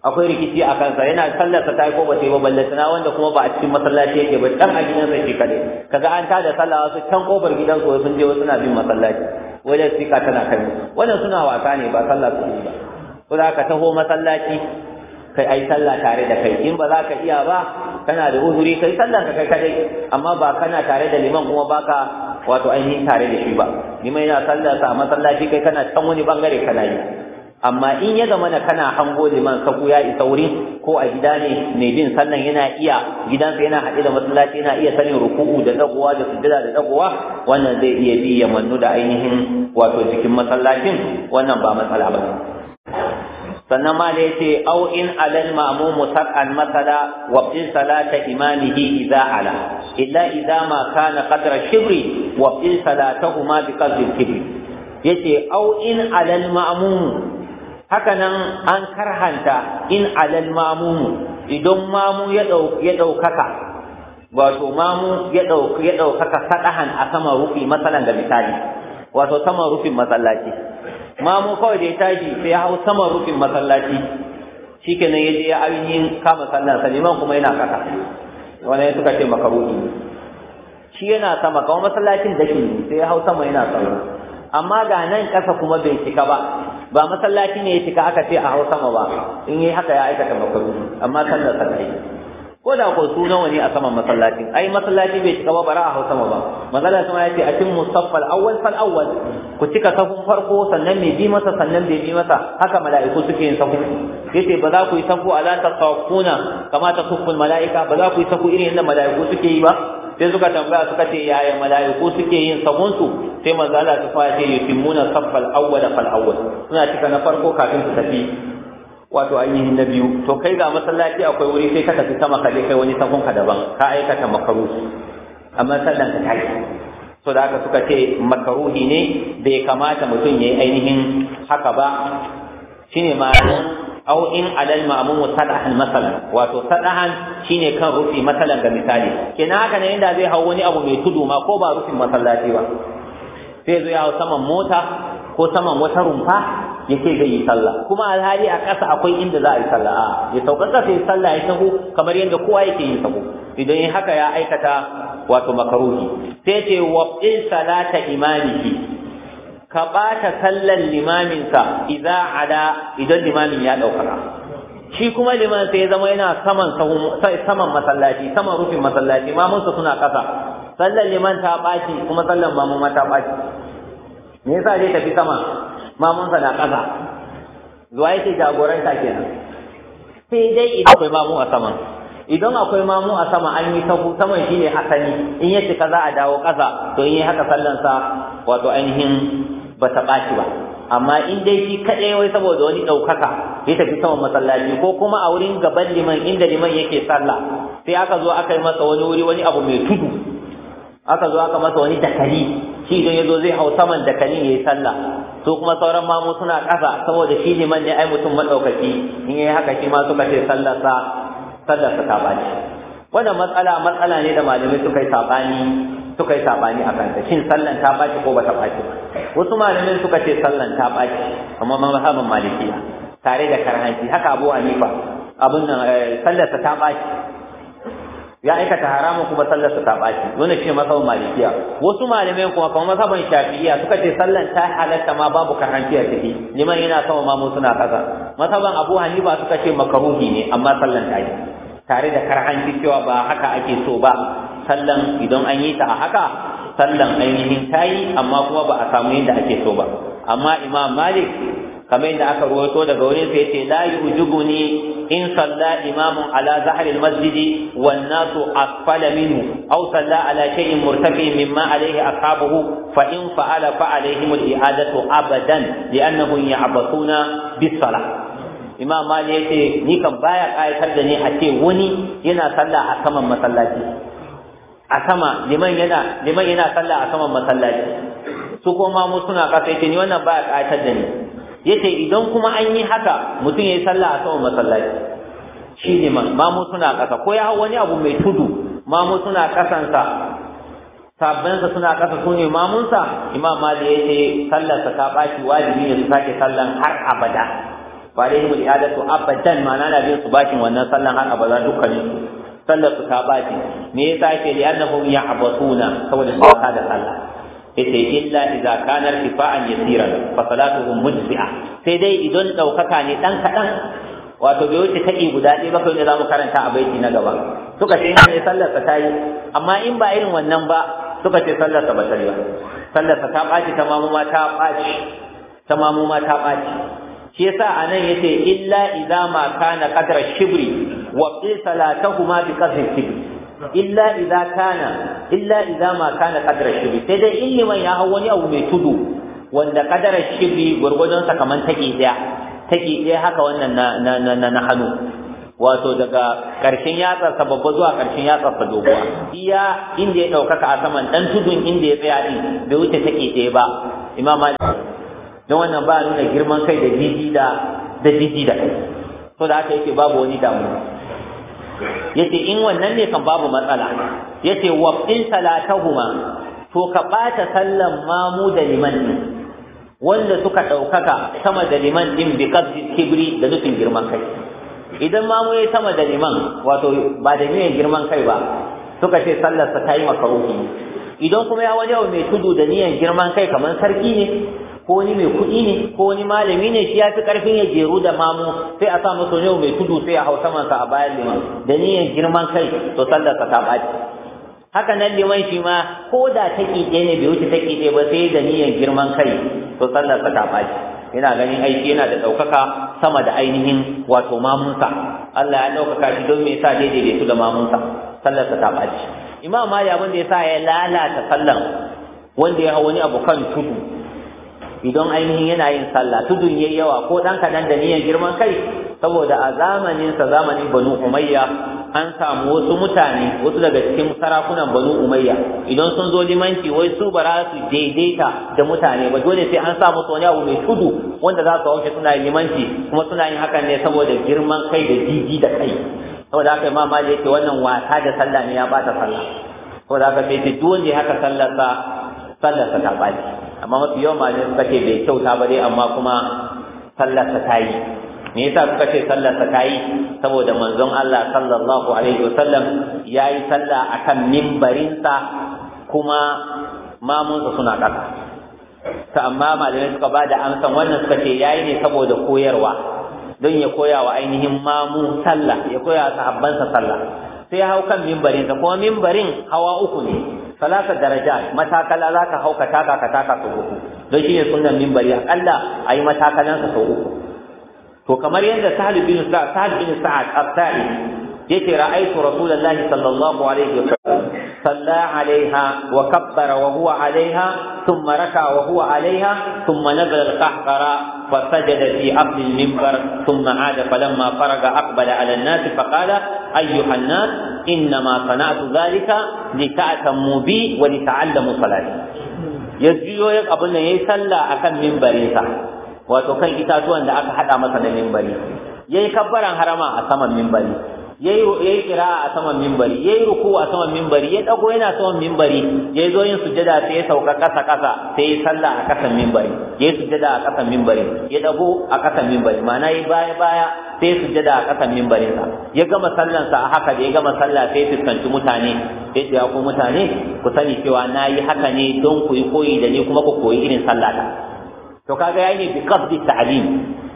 akwai rikici a kansa yana sallarsa ta yi ko ba ta yi ba tana wanda kuma ba a cikin masallaci yake ba can a gidansa shi kaɗai kaga an ta da sallah wasu can kofar gidansu sun je wasu na bin masallaci wajen sika tana kai wannan suna wasa ne ba sallah su ba ko za ka taho masallaci kai ai sallah tare da kai in ba za ka iya ba kana da uzuri kai sallar ka kai kadai amma ba kana tare da liman kuma baka wato ainihin tare da shi ba liman yana sallar sa masallaci kai kana can wani bangare kana yi amma in ya zamana kana hango liman sahu ya isa wurin ko a gida ne mai bin sannan yana iya gidansa yana haɗe da masallaci yana iya sanin ruku'u da dagowa da sujjada da dagowa wannan zai iya bi ya mannu da ainihin wato cikin masallacin wannan ba matsala ba sannan ma da yace au in alal ma'mum sar'an masala wa fi salata imamihi idza ala illa idza ma kana qadra shibri wa fi salatahuma bi qadri kibri yace au in alal ma'mum haka nan an karhanta in alal mamumu idan mamu ya ɗaukaka wato mamu ya ɗaukaka sadahan a sama rufi matsalan da misali wato sama rufin masallaci mamu kawai da ya tashi sai ya hau sama rufin masallaci shikenan ya je ya ainihin kama sallan Saliman kuma yana wani wannan suka ce makaruhi shi yana sama kawai masallacin da sai ya hau sama yana sama amma ga nan kasa kuma bai cika ba ba masallaci ne ya cika aka ce a hau sama ba in yi haka ya aikata makwai amma sallar sarki ko da ko su nawa ne a saman masallacin ai masallaci bai cika ba bara a hau sama ba mazalar sama ya ce a cin musaffal awwal fal awwal ku cika safun farko sannan mai bi masa sannan bai bi masa haka mala'iku suke yin safu ce ba za ku yi safu ala tasawquna kama tasuffu malaika ba za ku yi safu irin yadda mala'iku suke yi ba sai suka tambaya suka ce yaya mala'iku suke yin sabon su sai manzo Allah ta fara ce yutimuna saffal awwal fal awwal suna cika na farko kafin su tafi wato ainihin na biyu to kai ga masallaci akwai wuri sai ka tafi sama kaje kai wani sabon ka daban ka aikata makaruhi amma sallan ka tayi so da haka suka ce makaruhi ne bai kamata mutum yayi ainihin haka ba shine ma'ana. aw in alal ma'mum sadahan masalan wato sadahan shine kan rufi masalan ga misali kina haka ne inda zai hau wani abu mai tudu ma ko ba rufin masallaci ba sai zo ya hau saman mota ko saman wata rumfa yake zai yi sallah kuma alhali a ƙasa akwai inda za yi sallah ya sauka ƙasa ya sallah ya taho kamar yadda kowa yake yi taho idan yin haka ya aikata wato makaruhi sai ce wa in salata imamihi ka ɓata sallan limaminka idan ada idan limamin ya ɗaukaka shi kuma liman sai zama yana saman saman masallaci saman rufin masallaci mamunsa suna ƙasa sallan liman ta ɓaci kuma sallan mamun ma ta ɓaci me yasa zai tafi sama mamunsa na ƙasa zuwa yake jagoranta kenan sai dai idan akwai mamu a saman idan akwai mamu a sama an yi sahu saman shine hasani in ya cika za a dawo ƙasa to in yi haka sallansa wato ainihin ba ta ɓaci ba amma in dai shi kaɗai wai saboda wani ɗaukaka ya tafi saman masallaci ko kuma a wurin gaban liman inda liman yake sallah sai aka zo aka yi masa wani wuri wani abu mai tudu aka zo aka masa wani dakali shi idan ya zo zai hau saman dakali ya yi sallah to kuma sauran mamu suna ƙasa saboda shi liman ne ai mutum maɗaukaki in ya yi haka shi ma suka ce sallarsa sallarsa ta ɓaci wannan matsala matsala ne da malamai suka yi saɓani suka yi sabani a kanta shin sallan ta baci ko ta baci ba wasu malamin suka ce sallan ta baci amma mazhabin malikiya tare da karhanci haka abu anifa abin nan eh, sallarsa ta baci ya aikata haramun kuma sallarsa ta baci wannan shine mazhabin malikiya wasu malamin kuma kuma mazhabin shafi'iyya suka ce sallan ta halatta ma babu karhanci a ciki liman yana sama ma mu suna kaza mazhabin abu hanifa suka ce makaruhi ne amma sallan ta yi tare da karhanci cewa ba haka ake so ba sallan idan an yi ta a haka sallan ainihin yi, amma kuma ba a samu yadda ake so ba amma imam malik kamar yadda aka rawaito daga wurin sa yace la ni, in salla imamun ala zahril masjid wan nasu asfala minhu aw salla ala shay'in murtafi mimma alayhi ashabuhu fa in fa'ala fa alaihim al i'adatu abadan li'annahum ya'basuna bis salah imam malik yace ni kan baya kayatar da ni a ce wani yana sallah a saman masallaci a sama liman yana liman yana sallah a saman masallaci su kuma mu suna kasa yace ni wannan baya ƙayatar da ni yace idan kuma an yi haka mutum yayi sallah a saman masallaci shi liman ma mu suna kasa ko ya hau wani abu mai tudu ma mu suna kasansa sa suna kasa su ne sa imam mali yace sallarsa ta bashi wajibi ne su sake sallan har abada ba dai mu da abadan na da su bakin wannan sallan har abada dukkanin su sallar su ta baci me yasa yake li annahum ya'basuna saboda su ka da sallah yace illa idza kana irtifa'an yasiran fa salatuhum sai dai idan daukaka ne dan kadan wato bai wuce taki guda ɗaya ba kai ne za mu karanta a baiti na gaba suka ce in sallar ta yi amma in ba irin wannan ba suka ce sallar ta ba ba sallar ta ta ɓaci ta mamu ma ta ɓaci ta mamu ma ta ɓaci shi yasa anan yace illa idza ma kana qadra shibri wa qi salatahuma bi qadri kibr illa idza kana illa idza ma kana qadra shibri sai dai in liman ya hawo wani abu mai tudu wanda qadara shibri gurgudun sa kaman take daya take daya haka wannan na na na, na hannu wato daga ƙarshen yatsarsa babba zuwa ƙarshen yatsarsa doguwa iya inda ya ɗaukaka a saman ɗan tudun inda ya tsaya din, bai wuce take ɗaya ba imam don wannan ba nuna girman kai da didi da da jiji da kai to da haka yake babu wani damu. yace in wannan ne kan babu matsala yace waqtin in salatahuma to ka bata sallan mamu da liman din wanda suka daukaka sama da liman din bi qadri kibri da nufin girman kai idan mamu yayi sama da liman wato ba da niyyar girman kai ba suka ce sallar sa tayi makaruhi idan kuma ya waje mai tudu da niyyar girman kai kamar sarki ne ko wani mai kuɗi ne ko wani malami ne shi ya fi ƙarfin ya jeru da mamu sai a sa masa yau mai tudu sai a hau samansa a bayan liman da niyyar girman kai to sallarsa ta ɓaci haka nan liman shi ma ko da ta ɗaya ne bai wuce ta ɗaya ba sai da niyyar girman kai to sallarsa ta ɓaci yana ganin aiki yana da ɗaukaka sama da ainihin wato mamunsa Allah ya ɗaukaka shi don me yasa daidai su da mamunsa sallarsa ta ɓaci imam mali abin da sa ya lalata sallan wanda ya hau wani abu kan tudu idan ainihin yana yin sallah tudun yayi yawa ko dan kadan da niyan girman kai saboda a zamanin sa zamanin banu umayya an samu wasu mutane wasu daga cikin sarakunan banu umayya idan sun zo limanci wai su ba za su daidaita da mutane ba dole sai an samu wani abu mai tudu wanda za su wuce suna yin limanci kuma suna yin hakan ne saboda girman kai da jiji da kai saboda haka imam malik yake wannan wasa da sallah ne ya bata sallah saboda haka sai duk wanda ya haka sallar sa ta baci amma mafi yawan malamai suka ce bai kyauta ba dai amma kuma sallarsa ta yi me yasa suka ce sallarsa ta yi saboda manzon Allah sallallahu alaihi wasallam ya yi sallah akan mimbarinsa kuma mamunsa suna ƙasa ta amma malamai suka ba da amsan wannan suka ce yayi ne saboda koyarwa don ya koya wa ainihin mamu sallah ya koya wa sahabbansa sallah sai hau kan mimbarinsa, kuma mimbarin hawa uku ne salasa daraja matakala za ka hau ka taka ka taka sau uku don shi ne sunan mimbari akalla a yi matakalansa sau uku to kamar yadda sahal bin sa'ad sahal bin sa'ad as-sa'i yake ra'aytu rasulullahi sallallahu alaihi wa sallam salla alaiha wa kabbara wa huwa alaiha thumma raka wa huwa alaiha thumma nazala al-qahqara fa sajada fi abd al-minbar thumma ada falamma faraga aqbala ala an-nas fa qala أيها الناس إنما صنعت ذلك لتأتموا بي ولتعلموا صلاتي يجيو يك أبونا يسلى أكن من بريسا وتكن إتاتوا أن أكحد أمسا من بري يكبر عن حرما أسما من بري yayi yayi kira a saman minbari yayi ruku a saman minbari ya dago yana saman minbari yayi zo yin sujada sai ya sauka kasa kasa sai ya sallah a kasan minbari yayi sujada a kasan minbari ya dago a kasan minbari ma'ana yayi baya baya sai sujada a kasan minbarin sa ya gama sallan sa a haka da ya gama sallah sai fuskanci mutane sai ya ku mutane ku sani cewa nayi haka ne don ku yi koyi da ni kuma ku koyi irin sallata to kaga yayi ne bi qasdi ta'lim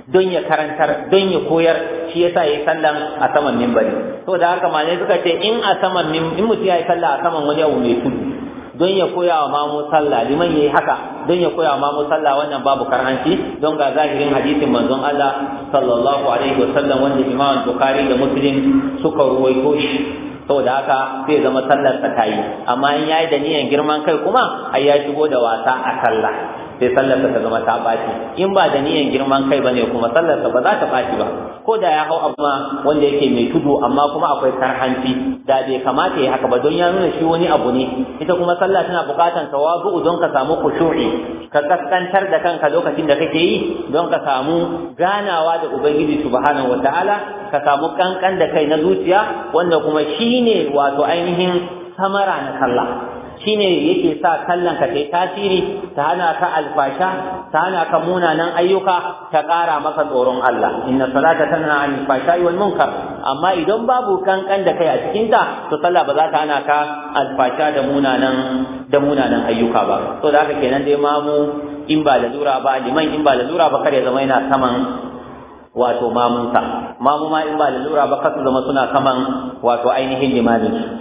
don ya karantar don ya koyar shi yasa yayi sallan a saman minbari to da haka malai suka ce in a saman in mutum yayi sallah a saman wani abu mai tudu don ya koya wa mamu sallah liman yayi haka don ya koya wa mamu sallah wannan babu karhanci don ga zahirin hadisin manzon Allah sallallahu alaihi wasallam wanda Imam Bukhari da Muslim suka ruwaito shi saboda haka zai zama sallar ta tayi amma in yayi da niyan girman kai kuma ai ya shigo da wasa a sallah sai sallarsa ta zama ta ɓaci in ba da niyan girman kai bane kuma sallar sallarsa ba za ta baci ba ko da ya hau amma wanda yake mai tudu amma kuma akwai karhanci da bai kamata ya haka ba don ya nuna shi wani abu ne ita kuma sallah tana buƙatan tawazu don ka samu kushuri ka kaskantar da kanka lokacin da kake yi don ka samu ganawa da ubangiji subhanahu wataala ka samu kankan da kai na zuciya wanda kuma shine wato ainihin samara na sallah shine yake sa kallon ka kai tasiri ta hana ka alfasha ta hana ka munanan ayyuka ta ƙara maka tsoron Allah inna salata tana an fashai wal munkar amma idan babu kankan da kai a cikin ta to sallah ba za ta hana ka alfasha da munanan da munanan ayyuka ba to da haka kenan dai mamu in ba da zura ba liman in ba da zura ba kare zama yana saman wato mamunsa mamu ma in ba da zura ba kasu zama suna kaman wato ainihin limamin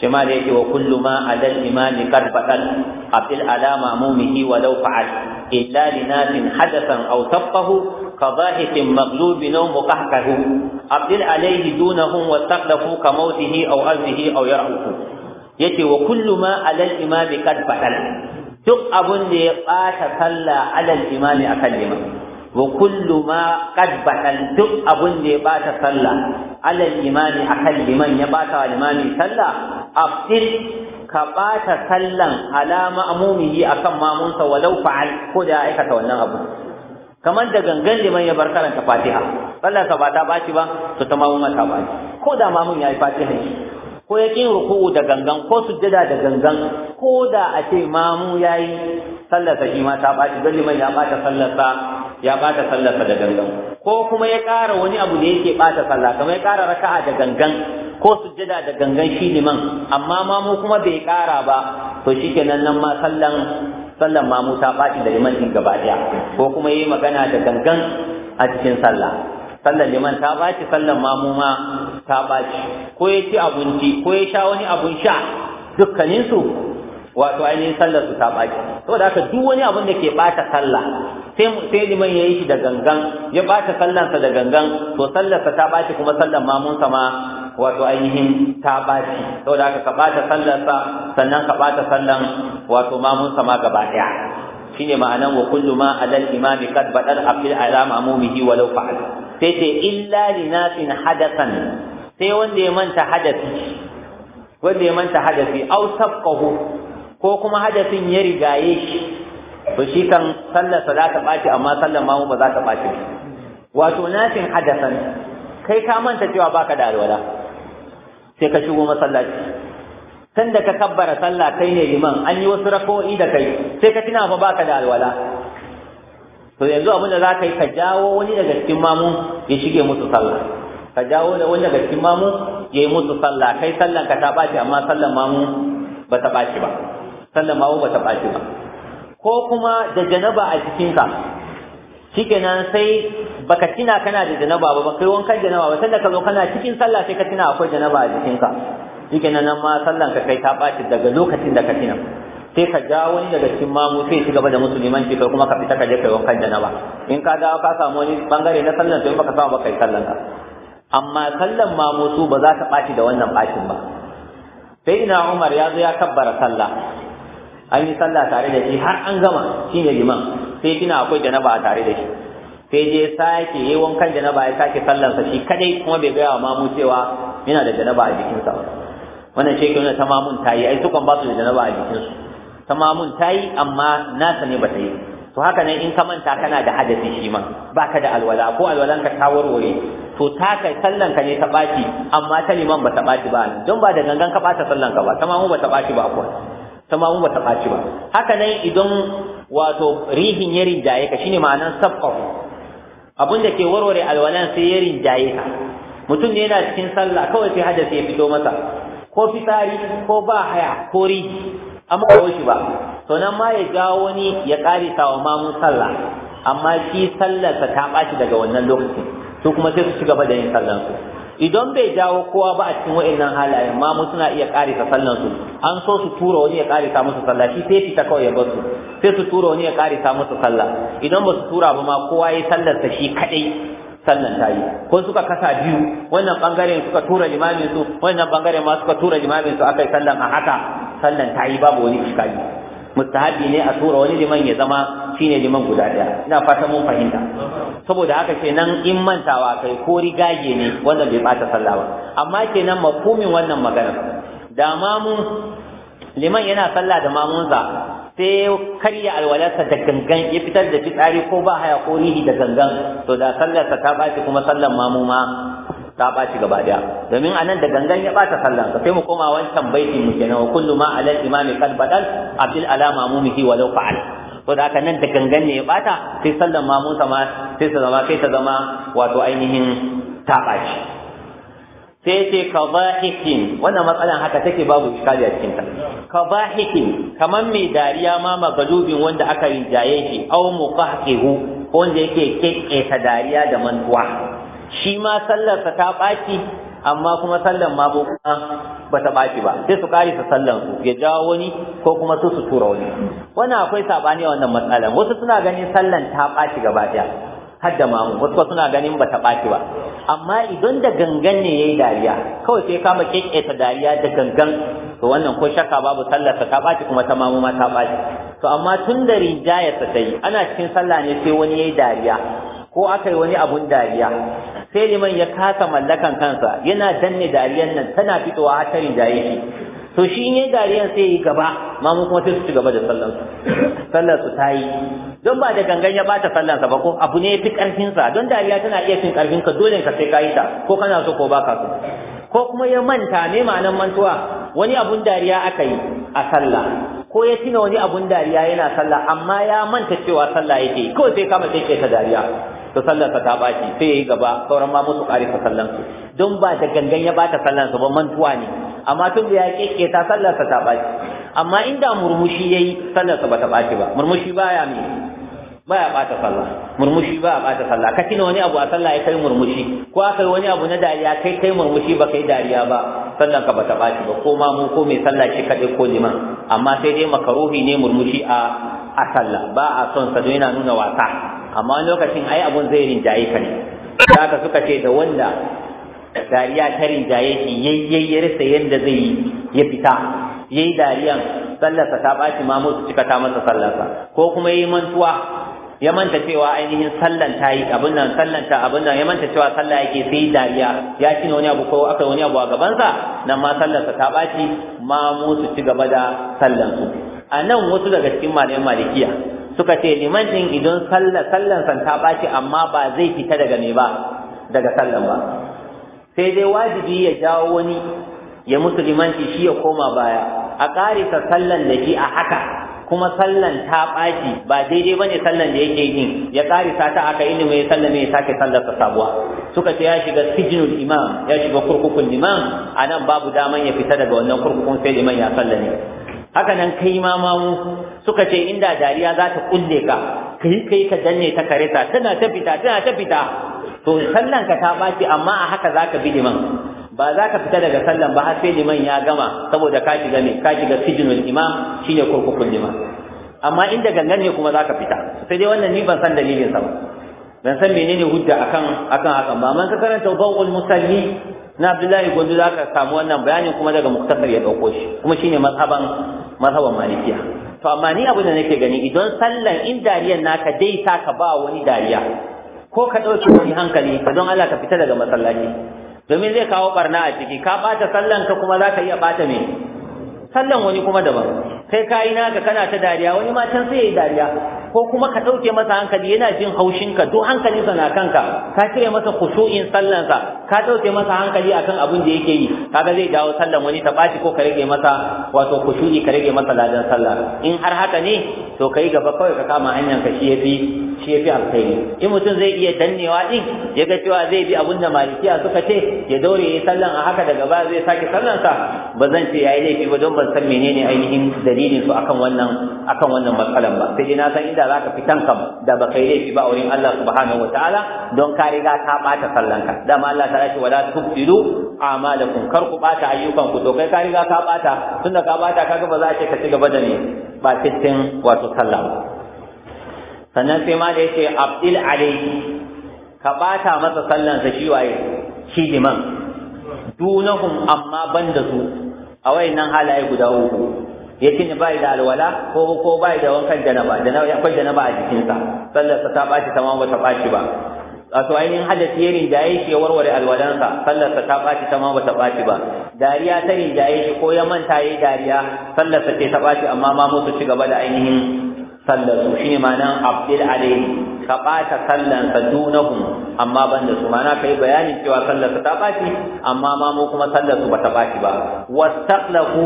shi ma da yake wa kullu ma adal imani kad faqal afil ala mamumihi wa law fa'al illa linatin hadathan aw tabahu ka zahikin maglubi na mukahkahu abdil alaihi dunahun wa taqdafu ka mautihi aw arzihi aw yarhuku yake wa kullu alal imami kad fatal duk abun da ya ɓata sallah alal imami akan limam wa kullu ma qad batal duk abun da ya bata sallah alal imani akan liman ya bata limami sallah aftir ka bata sallan ala ma'mumihi akan mamunsa walau fa'al ko da aikata wannan abu kamar da gangan liman ya bar karanta fatiha sallar sa ba ta baci ba to ta mamun ta baci ko da mamun yayi fatiha ko ya ƙin ruku'u da gangan ko sujjada da gangan ko da a ce mamu ya yi sallarsa shi ma ta ɓaci don liman ya ɓata sallarsa ya ɓata sallarsa da gangan ko kuma ya ƙara wani abu da yake ɓata salla, kamar ya ƙara raka'a da gangan ko sujjada da gangan shi liman amma mamu kuma bai ƙara ba to shikenan nan ma sallan sallan mamu ta ɓaci da liman ɗin gaba ɗaya ko kuma ya yi magana da gangan a cikin sallah sallar liman ta ɓaci sallar mamuma ta ɓaci ko ya ci abinci ko ya sha wani abun sha dukkaninsu wato ainihin sallar su ta ɓaci saboda haka duk wani abun da ke ɓata sallah sai sai liman yi shi da gangan ya ɓata sallansa da gangan to sallarsa ta ɓaci kuma sallar mamunsa ma wato ainihin ta ɓaci saboda haka ka ɓata sallarsa sannan ka ɓata sallan wato mamunsa ma gaba ɗaya shine ma'anan wa kullu ma alal imami qad badal aqil ala mamumihi walau fa'al sai ce illa li nafin hadasan sai wanda ya manta hadasi wanda ya manta hadasi aw sabqahu ko kuma hadasin ya rigaye shi to shi kan sallar sa za ta baci amma sallar ma ba za ta baci wato nafin hadasan kai ka manta cewa baka da alwala sai ka shigo masallaci sanda ka kabbara sallah kai ne liman an yi wasu rako'i da kai sai ka tuna fa baka da alwala to yanzu abin da za ka yi ka jawo wani daga cikin mamu ya shige musu sallah ka jawo da wani daga cikin mamu ya yi musu sallah kai sallan ka ta ɓaci amma sallan mamu ba ta ɓaci ba sallan mamu ba ta ɓaci ba ko kuma da janaba a jikinka shikenan sai baka tina kana da janaba ba kai wankan janaba ba sanda ka zo kana cikin sallah sai ka tina akwai janaba a jikinka shikenan nan ma sallan ka kai ta ɓaci daga lokacin da ka tina sai ka ja wani daga cikin mamu sai ci gaba da musulmanci kai kuma ka fita ka je kai wankan janaba in ka dawo ka samu wani bangare na sallan to in baka samu baka kai sallan ka amma sallan mamu su ba za ta ɓaci da wannan ɓacin ba sai ina Umar ya zo ya kabbara sallah an yi sallah tare da shi har an gama shi ne liman sai kina akwai janaba naba tare da shi sai je sake yi wankan janaba ya sake sa, shi kadai kuma bai gaya wa mamu cewa yana da janaba a jikinsa wannan shekaru na ta mamun ta yi ai sukan ba su da janaba a jikinsu tamamun ta yi amma nasa ne ba ta yi to haka ne in ka manta kana da hadasi shi ma baka da alwala ko alwalanka ta warware to ta kai sallan ka ne ta baki amma ta liman ba ta baki ba don ba da gangan ka bata sallan ka ba tamamun ba ta baki ba akwai, tamamun ba ta baki ba haka ne idan wato rihin ya rinjaye ka shine ma'anar sabqaf abin da ke warware alwalan sai ya rinjaye ka mutum ne yana cikin sallah kawai sai hadasi ya fito masa ko fitsari ko ba haya ko rihi amma ba shi ba to nan ma ya jawo wani ya ƙarisa wa mamun sallah amma shi sallarsa ta ɓaci daga wannan lokacin su kuma sai su ci gaba da yin su idan bai jawo kowa ba a cikin wa'annan halayen mamu suna iya ƙarisa su an so su tura wani ya ƙarisa musu sallah shi sai fita kawai ya bar su sai su tura wani ya ƙarisa musu sallah idan ba su tura ba ma kowa ya sa shi kadai. sannan ta yi ko suka kasa biyu wannan bangaren suka tura limamin su wannan bangaren ma suka tura limamin su akai sallan a haka sallan ta yi babu wani iskali mustahabi ne a tura wani liman ya zama shine liman guda daya ina fatan mun fahimta saboda haka kenan in mantawa kai ko rigage ne wanda bai bata sallah ba amma kenan mafhumin wannan magana da mamu liman yana sallah da mamunsa sai karya alwalarsa da gangan ya fitar da fitsari ko ba haya ko rihi da gangan to da sallarsa ta ɓaci kuma sallar mamu ma ta ɓaci gaba ɗaya domin a nan da gangan ya ɓata sallar sai mu koma wancan baitin mu kenan wa kullu ma alal imami qad badal abdul ala mamumihi walau fa'al to da haka nan da gangan ne ya ɓata sai sallar mamunsa ma sai ta zama sai ta zama wato ainihin ta ɓaci sai ce ka zahikin wannan matsalan haka take babu iskali a cikinta ka zahikin kamar mai dariya ma magalubin wanda aka rinjaye shi au ko wanda yake kekketa dariya da mantuwa shi ma sallarsa ta ɓaki, amma kuma sallan ma ah, ba ta ɓaki ba sai su su sallar su ya jawo wani ko kuma su su tura wani wannan akwai saɓani a wannan matsalan wasu suna ganin sallar ta ɓaki gaba ɗaya har da mamu wasu suna ganin ba ta ɓaki ba amma idan da gangan ne yayi dariya kawai sai kama ta dariya da gangan to wannan ko shakka babu sallarsa ta baci kuma ta mamu ma ta baci to amma tun da rinjayarsa ta yi ana cikin sallah ne sai wani yayi dariya ko aka yi wani abun dariya sai liman ya kasa mallakan kansa yana danne dariyan nan tana fitowa a ta rinjaye to shi ne dariyan sai yi gaba mamu kuma sai su ci gaba da sa sallar su tayi don ba da gangan ya bata sallarsa ba ko abu ne ya fi karfinsa don dariya tana iya cin karfin ka dole ka sai kayi ta ko kana so ko baka so ko kuma ya manta me ma'anar mantuwa wani abun dariya aka yi a sallah ko ya tuna wani abun dariya yana sallah amma ya manta cewa sallah yake kawai sai kama sai ke ta dariya to sallarsa ta baki sai yayi gaba sauran ma musu ƙari ta sallansu don ba da gangan ya bata sallansa ba mantuwa ne amma tun da ya keke ta sallarsa ta baki amma inda murmushi yayi sallarsa ba ta baki ba murmushi baya me baya bata sallah murmushi ba bata sallah ka kina wani abu a sallah ya kai murmushi ko aka wani abu na dariya kai kai murmushi ba kai dariya ba sallan ka bata baki ba ko ma mu ko mai sallah shi kade ko liman amma sai dai makaruhi ne murmushi a a sallah ba a son sa yana nuna wasa amma lokacin ai abun zai rinjaye ka ne za ka suka ce da wanda dariya ta rinjaye shi yayyayi rasa yadda zai yi ya fita ya yi dariyan sallarsa ta ɓaci ma musu cika ta masa sallarsa ko kuma ya yi mantuwa ya manta cewa ainihin sallan ta yi abin nan sallan ta abin nan ya manta cewa sallah yake sai yi dariya ya ci wani abu ko aka wani abu a gabansa nan ma sallarsa ta ɓaci ma musu ci gaba da sallansu a nan wasu daga cikin malayan malikiya suka ce liman din idan sallan san ta ɓaci amma ba zai fita daga me ba daga sallan ba sai dai wajibi ya jawo wani ya musulmanci shi ya koma baya a ƙarisa sallan da shi a haka kuma sallan ta ɓaci, ba daidai ne sallan da yake yin ya ƙarisa ta aka inda mai sallan mai sake sallar ta sabuwa suka ce ya shiga sijinul imam ya shiga kurkukun imam anan babu daman ya fita daga wannan kurkukun sai liman ya sallane haka nan kai ma mu suka ce inda dariya za ta kulle ka kai kai ka danne ta kareta tana ta fita tana ta fita to sallan ka ta baki amma a haka za ka bi liman ba za ka fita daga sallan ba har sai liman ya gama saboda ka shiga ne ka shiga sijinul imam shine kurkukun liman amma inda gangan ne kuma za ka fita sai dai wannan ni ban san dalilin sa ba ban san menene hujja akan akan hakan ba man ka karanta bawul musalli na Abdullahi Gondo za ka samu wannan bayanin kuma daga muktasar ya dauko shi kuma shine mazhaban mazhaban Malikiya to amma ni abin da nake gani idan sallan in dariyan naka dai sa ka ba wani dariya ko ka ɗauki wani hankali ka don Allah ka fita daga masallaci domin zai kawo barna a ciki ka ɓata sallan ka kuma za ka iya ɓata me sallan wani kuma daban kai ka yi naka kana ta dariya wani ma can sai ya yi dariya ko kuma ka ɗauke masa hankali yana jin haushin ka duk hankalinsa na kanka ka cire masa khushu'in sallansa ka ɗauke masa hankali akan abin da yake yi kaga zai dawo sallan wani ta ɓaci ko ka rage masa wato khushu'i ka rage masa ladan sallah in har haka ne to kai gaba kawai ka kama hanyar ka shi yafi shi yafi alkhairi in mutum zai iya dannewa din ya ga cewa zai bi abin da malikiya suka ce ya daure ya sallan a haka daga ba zai sake sallansa ba zan ce yayi laifi ba don ban san menene ainihin dalilin su akan wannan akan wannan matsalan ba sai dai na san inda za zaka fitan kam da baka yi laifi ba a wurin Allah subhanahu ta'ala don ka riga ka bata sallanka dama Allah ta ce wala tubtilu a'malakum kar ku bata ayyukan ku to kai ka riga ka bata tunda ka bata kaga ba za a ce ka ci gaba da ne ba cikin wato sallah sannan sai ma da yace abdil alayhi ka bata masa sa shi waye shi liman dunahum amma banda su a wayannan halaye guda uku ya tuna bai da alwala ko ko bai da wankan janaba janaba akwai janaba a jikinsa sallar sa ta baci tamam ba ta baci ba wato ainihin hadasi ya rinjaye shi ya warware alwalansa sallar sa ta baci tamam ba ta baci ba dariya ta rinjaye shi ko ya manta yayi dariya sallar sa ce ta baci amma ma mu su ci gaba da ainihin sallar su shine ma'anan abdil alayhi ka bata sallan sa dunahum amma ban da su ma'ana kai bayanin cewa sallar sa ta baci amma ma mu kuma sallar su ba ta baci ba wastaqlahu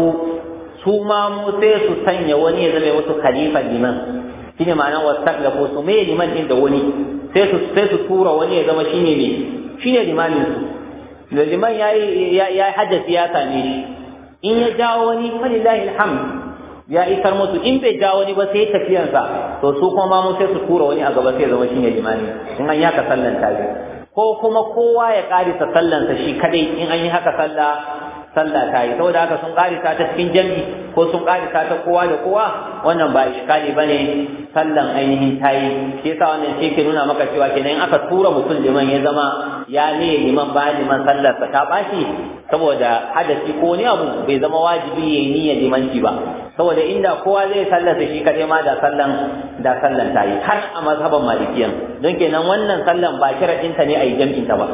su ma mu sai su sanya wani ya zama wasu khalifa liman shine ma'ana wastaqlafu su mai liman din da wani sai su sai su tura wani ya zama shine ne shine limamin su da liman ya yayi hajja siyasa ne in ya jawo wani falillahi alhamd ya isar musu in bai jawo wani ba sai tafiyansa to su kuma mu sai su tura wani a gaba sai zama shine limani in an yaka sallan tare ko kuma kowa ya karisa sallansa shi kadai in an yi haka sallah sallah ta yi saboda haka sun karisa ta cikin jam'i ko sun karisa ta kowa da kowa wannan ba iskali bane sallan ainihin ta yi shi yasa wannan shi ke nuna maka cewa kenan aka tura mutum liman ya zama ya ne liman ba liman sallar sa ta bashi saboda hadasi ko wani abu bai zama wajibi ya niyyar limanci ba saboda inda kowa zai sallar shi kadai ma da sallan da sallan ta yi har a mazhaban malikiyan don kenan wannan sallan ba kiraɗinta ne a yi ta ba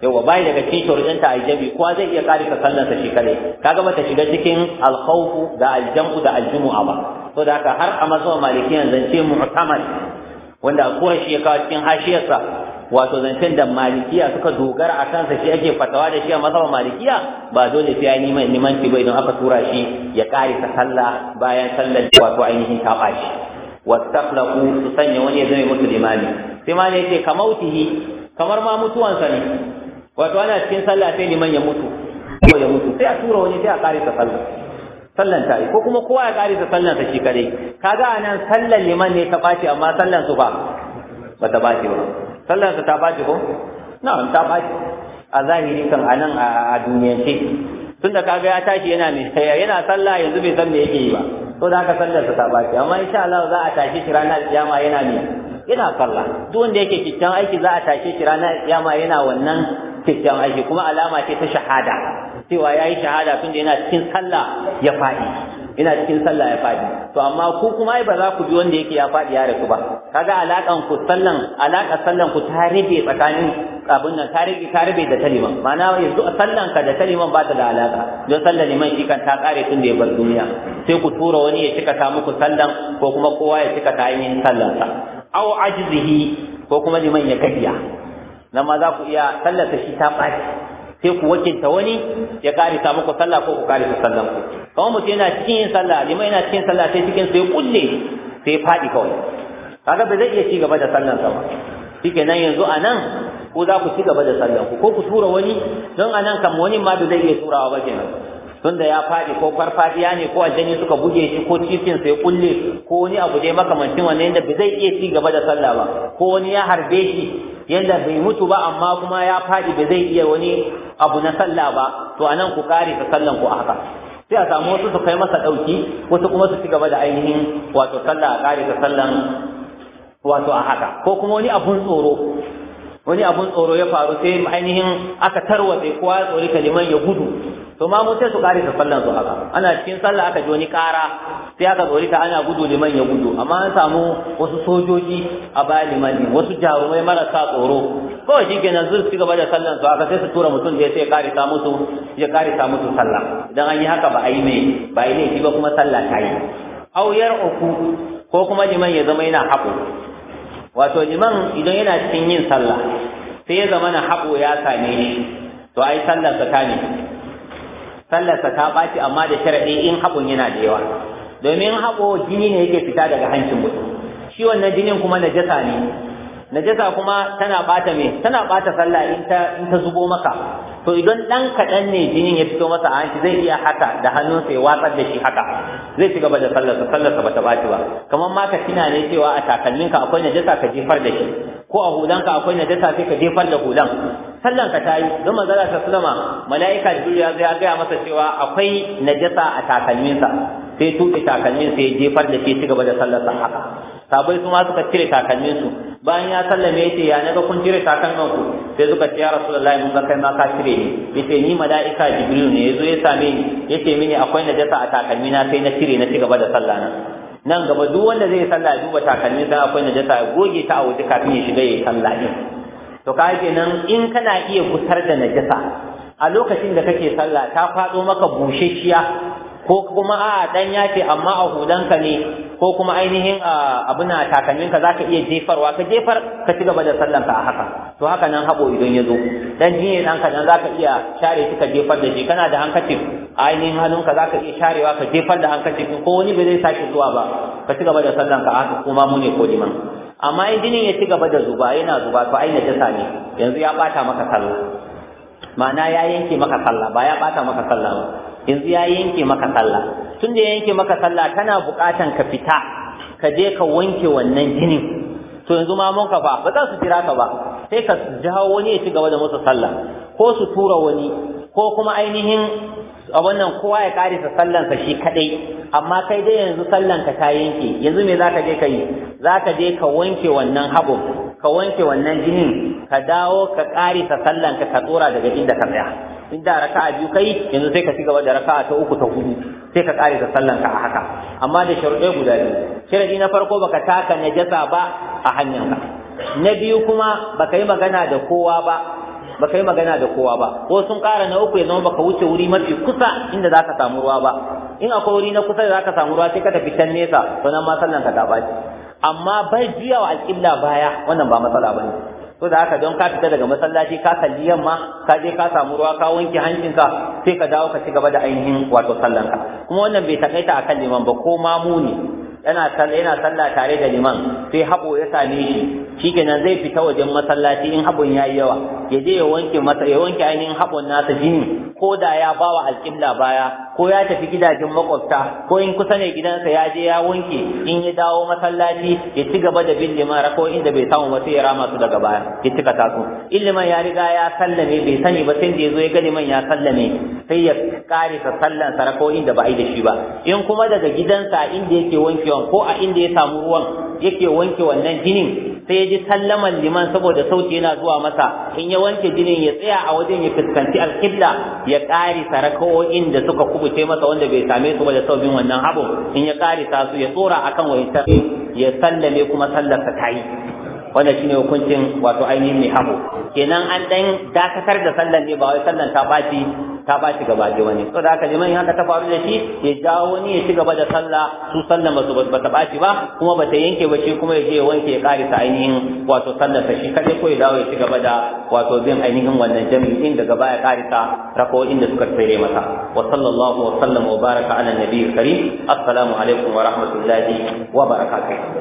yawa bai daga cikin shuruɗin aljabi kowa zai iya karika sallar sa shi kadai kaga bata shiga cikin alkhawfu da aljamu da aljumu'a ba to da haka har a maliki malikiyan zance mu'tamad wanda kowa shi ya kawo cikin hashiyarsa wato zancen da malikiya suka dogara a kansa shi ake fatawa da shi a mazhab malikiya ba dole sai ya yi mai ba idan aka tura shi ya karika sallah bayan sallar wato ainihin ta shi wattaqlaqu su sanya wani ya zama musu limami sai ma ne ce kamautihi kamar ma mutuwansa ne wato ana cikin sallah sai liman ya mutu ko ya mutu sai a tura wani sai a ta sallah sallan ta yi ko kuma kowa ya ta sallan ta shi kadai kaga anan sallan liman ne ta baci amma sallan su ba ba ta baci ba sallan ta baci ko na'am ta baci a zahiri kan anan a duniyance da kaga ya tashi yana mai yana sallah yanzu bai san me yake yi ba to da haka sallar ta baci amma insha Allah za a tashi shi ranar kiyama yana ne yana sallah duk wanda yake kikkiawan aiki za a tashe shi ranar kiyama yana wannan kikkiawan aiki kuma alama ce ta shahada cewa yayi shahada tunda yana cikin sallah ya fadi yana cikin sallah ya fadi to amma ku kuma ai ba za ku bi wanda yake ya fadi ya rasu ba kaga alakan ku sallan alaka sallan ku ta rabe tsakanin abun nan ta rabe ta rabe da taliman ma'ana yanzu sallan ka da taliman ba ta da alaka don sallan liman shi kan ta kare tunda ya bar duniya sai ku tura wani ya cika ta muku sallan ko kuma kowa ya cika ta ainihin sallarsa au ajzihi ko kuma liman ya kariya nan ma za ku iya sallarsa shi ta ɓaci sai ku wakilta wani ya karisa muku sallah ko ku karisa sallan ku kamar mutum yana cikin yin sallah liman yana cikin sallah sai cikin sai kulle sai faɗi kawai kaga ba zai iya ci gaba da sallansa ba nan yanzu a nan ko za ku ci gaba da sallan ku ko ku tura wani don a nan kam wani ma ba zai iya turawa ba kenan tunda ya faɗi ko farfadiya ne ko aljani suka buge shi ko titin sai kulle ko wani abu dai makamancin wannan yadda ba zai iya ci gaba da sallah ba ko wani ya harbe shi yadda bai mutu ba amma kuma ya faɗi ba zai iya wani abu na sallah ba to anan ku kare ta sallan ku a haka sai a samu wasu su kai masa ɗauki wasu kuma su ci gaba da ainihin wato sallah a kare ta sallan wato a haka ko kuma wani abun tsoro wani abun tsoro ya faru sai ainihin aka tarwatse kowa ya tsori kaliman ya gudu to ma mun sai su kare ta sallan su haka ana cikin sallah aka ji wani kara sai aka tsori ta ana gudu liman ya gudu amma an samu wasu sojoji a bayan liman wasu jarumai marasa tsoro kawai shi kenan zai ci gaba da sallan su haka sai su tura mutum da ya sai kare ta musu ya kare ta musu sallah idan an yi haka ba a yi mai ba yi laifi ba kuma sallah ta yi auyar uku ko kuma liman ya zama yana haƙo wato liman idan yana cikin yin sallah sai ya zama na haɓo ya same shi to ai sallar sa ta ne sallar sa ta ɓaci amma da sharaɗi in haɓon yana da yawa domin haɓo jini ne yake fita daga hancin mutum shi wannan jinin kuma najasa ne najasa kuma tana ɓata me tana ɓata sallah in in ta zubo maka to idan dan kaɗan ne jinin ya fito masa a zai iya haka da hannunsa ya watsar da shi haka zai ci gaba da sallarsa sallarsa ta baci ba kamar ma ka tuna ne cewa a takalminka akwai najasa ka jefar da shi ko a hulanka akwai najasa sai ka jefar da hulan Sallan ka yi don manzala ta sulama mala'ika da duniya ya gaya masa cewa akwai najasa a takalminsa sai tuɗe takallin sai ya jefar da shi ci gaba da sallarsa haka sabai su ma suka cire takalmin su bayan ya sallame yace ya naga kun cire kakannin ku sai suka ce ya rasulullahi mun ga kai ma ka cire ni yace ni malaika jibril ne yazo ya same ni yace mini akwai najasa a takalmi na sai na cire na ci gaba da sallah na nan gaba duk wanda zai sallah duba takalmin sa akwai najasa ya goge ta a wuce kafin ya shiga ya sallah din to ka kenan in kana iya gutar da najasa a lokacin da kake sallah ta faɗo maka bushashiya ko kuma a'a dan yace amma a hudanka ne ko kuma ainihin abuna takalminka za ka iya jefarwa ka jefar ka ci gaba da sallanka a haka to haka nan haɓo idan ya zo dan jini ɗan kaɗan za ka iya share shi ka jefar da shi kana da hankacin ainihin hannunka za ka iya sharewa ka jefar da hankacin ko wani ba zai sake zuwa ba ka ci gaba da sallanka a haka kuma mu ne ko liman amma in jinin ya ci gaba da zuba yana zuba to ai ta ne yanzu ya ɓata maka sallah ma'ana ya yanke maka sallah ba ya ɓata maka sallah ba yanzu ya yanke maka sallah tun da yanke maka sallah kana buƙatan ka fita ka je ka wanke wannan jinin to yanzu ma mun ka ba za su jira ka ba sai ka jawo wani ya ci gaba da musu sallah ko su tura wani ko kuma ainihin a wannan kowa ya sallan sallansa shi kadai amma kai dai yanzu sallanka ta yanke yanzu me zaka je ka yi zaka je ka wanke wannan habu ka wanke wannan jinin ka dawo ka karisa sallanka ka tsora daga inda ka tsaya inda raka'a biyu kai yanzu sai ka ci gaba da raka'a ta uku ta hudu sai ka kare da sallanka a haka amma da sharuɗe guda biyu sharadi na farko baka taka najasa ba a ka. na biyu kuma baka yi magana da kowa ba baka yi magana da kowa ba ko sun ƙara na uku ya zama baka wuce wuri mafi kusa inda za ka samu ruwa ba in akwai wuri na kusa da za ka samu ruwa sai ka tafi can nesa sannan ma ma sallanka ta ɓaci amma bai biya wa alƙibla baya wannan ba matsala ba ne to da haka don ka fita daga masallaci ka kalli yamma ka je ka samu ruwa ka wanke hancinka sai ka dawo ka ci gaba da ainihin wato ka. kuma wannan bai takaita akan liman ba ko mamuni, muni yana sallah tare da liman sai haɓo ya same shi shikenan zai fita wajen masallaci in habon yayi yawa ya je ya wanke masa ya wanke ainihin habon nasa jini ko da ya bawa alƙibla baya ko ya tafi gidajen makwabta ko in kusa ne gidansa ya je ya wanke in ya dawo masallaci ya ci gaba da bin limara ko inda bai samu wasu ya rama daga baya ya cika taso. iliman ya riga ya sallame bai sani ba sai da ya zo ya ga liman ya sallame sai ya kare sa sallan sa ko inda ba a yi da shi ba in kuma daga gidansa inda yake wankewa ko a inda ya samu ruwan yake wanke wannan jinin sai ji sallaman liman saboda sauti yana zuwa masa in ya wanke jinin ya tsaya a wajen ya fuskanci alƙibla ya ƙari raka'o'in da suka kubuce masa wanda bai same su ba da saubin wannan abu in ya ƙarisa su ya tsora a akan wayantar ya sallame kuma sallarsa ta yi wanda shine hukuncin wato ainihin mai hamu kenan an ɗan dakatar da sallan ne ba wai sallan ta ɓaci. ta ba shi gaba da wani saboda haka liman haka ta faru da shi ya jawo wani ya ci gaba da sallah su sallah masu ba ta ba ba kuma ba ta yanke ba shi kuma ya je ya wanke ya karisa ainihin wato sallar sa shi kada ko ya dawo ya ci gaba da wato bin ainihin wannan jami'in daga baya karisa rako'in da suka tsere masa wa sallallahu wa sallam wa baraka ala nabiyyi karim assalamu alaikum wa rahmatullahi wa barakatuh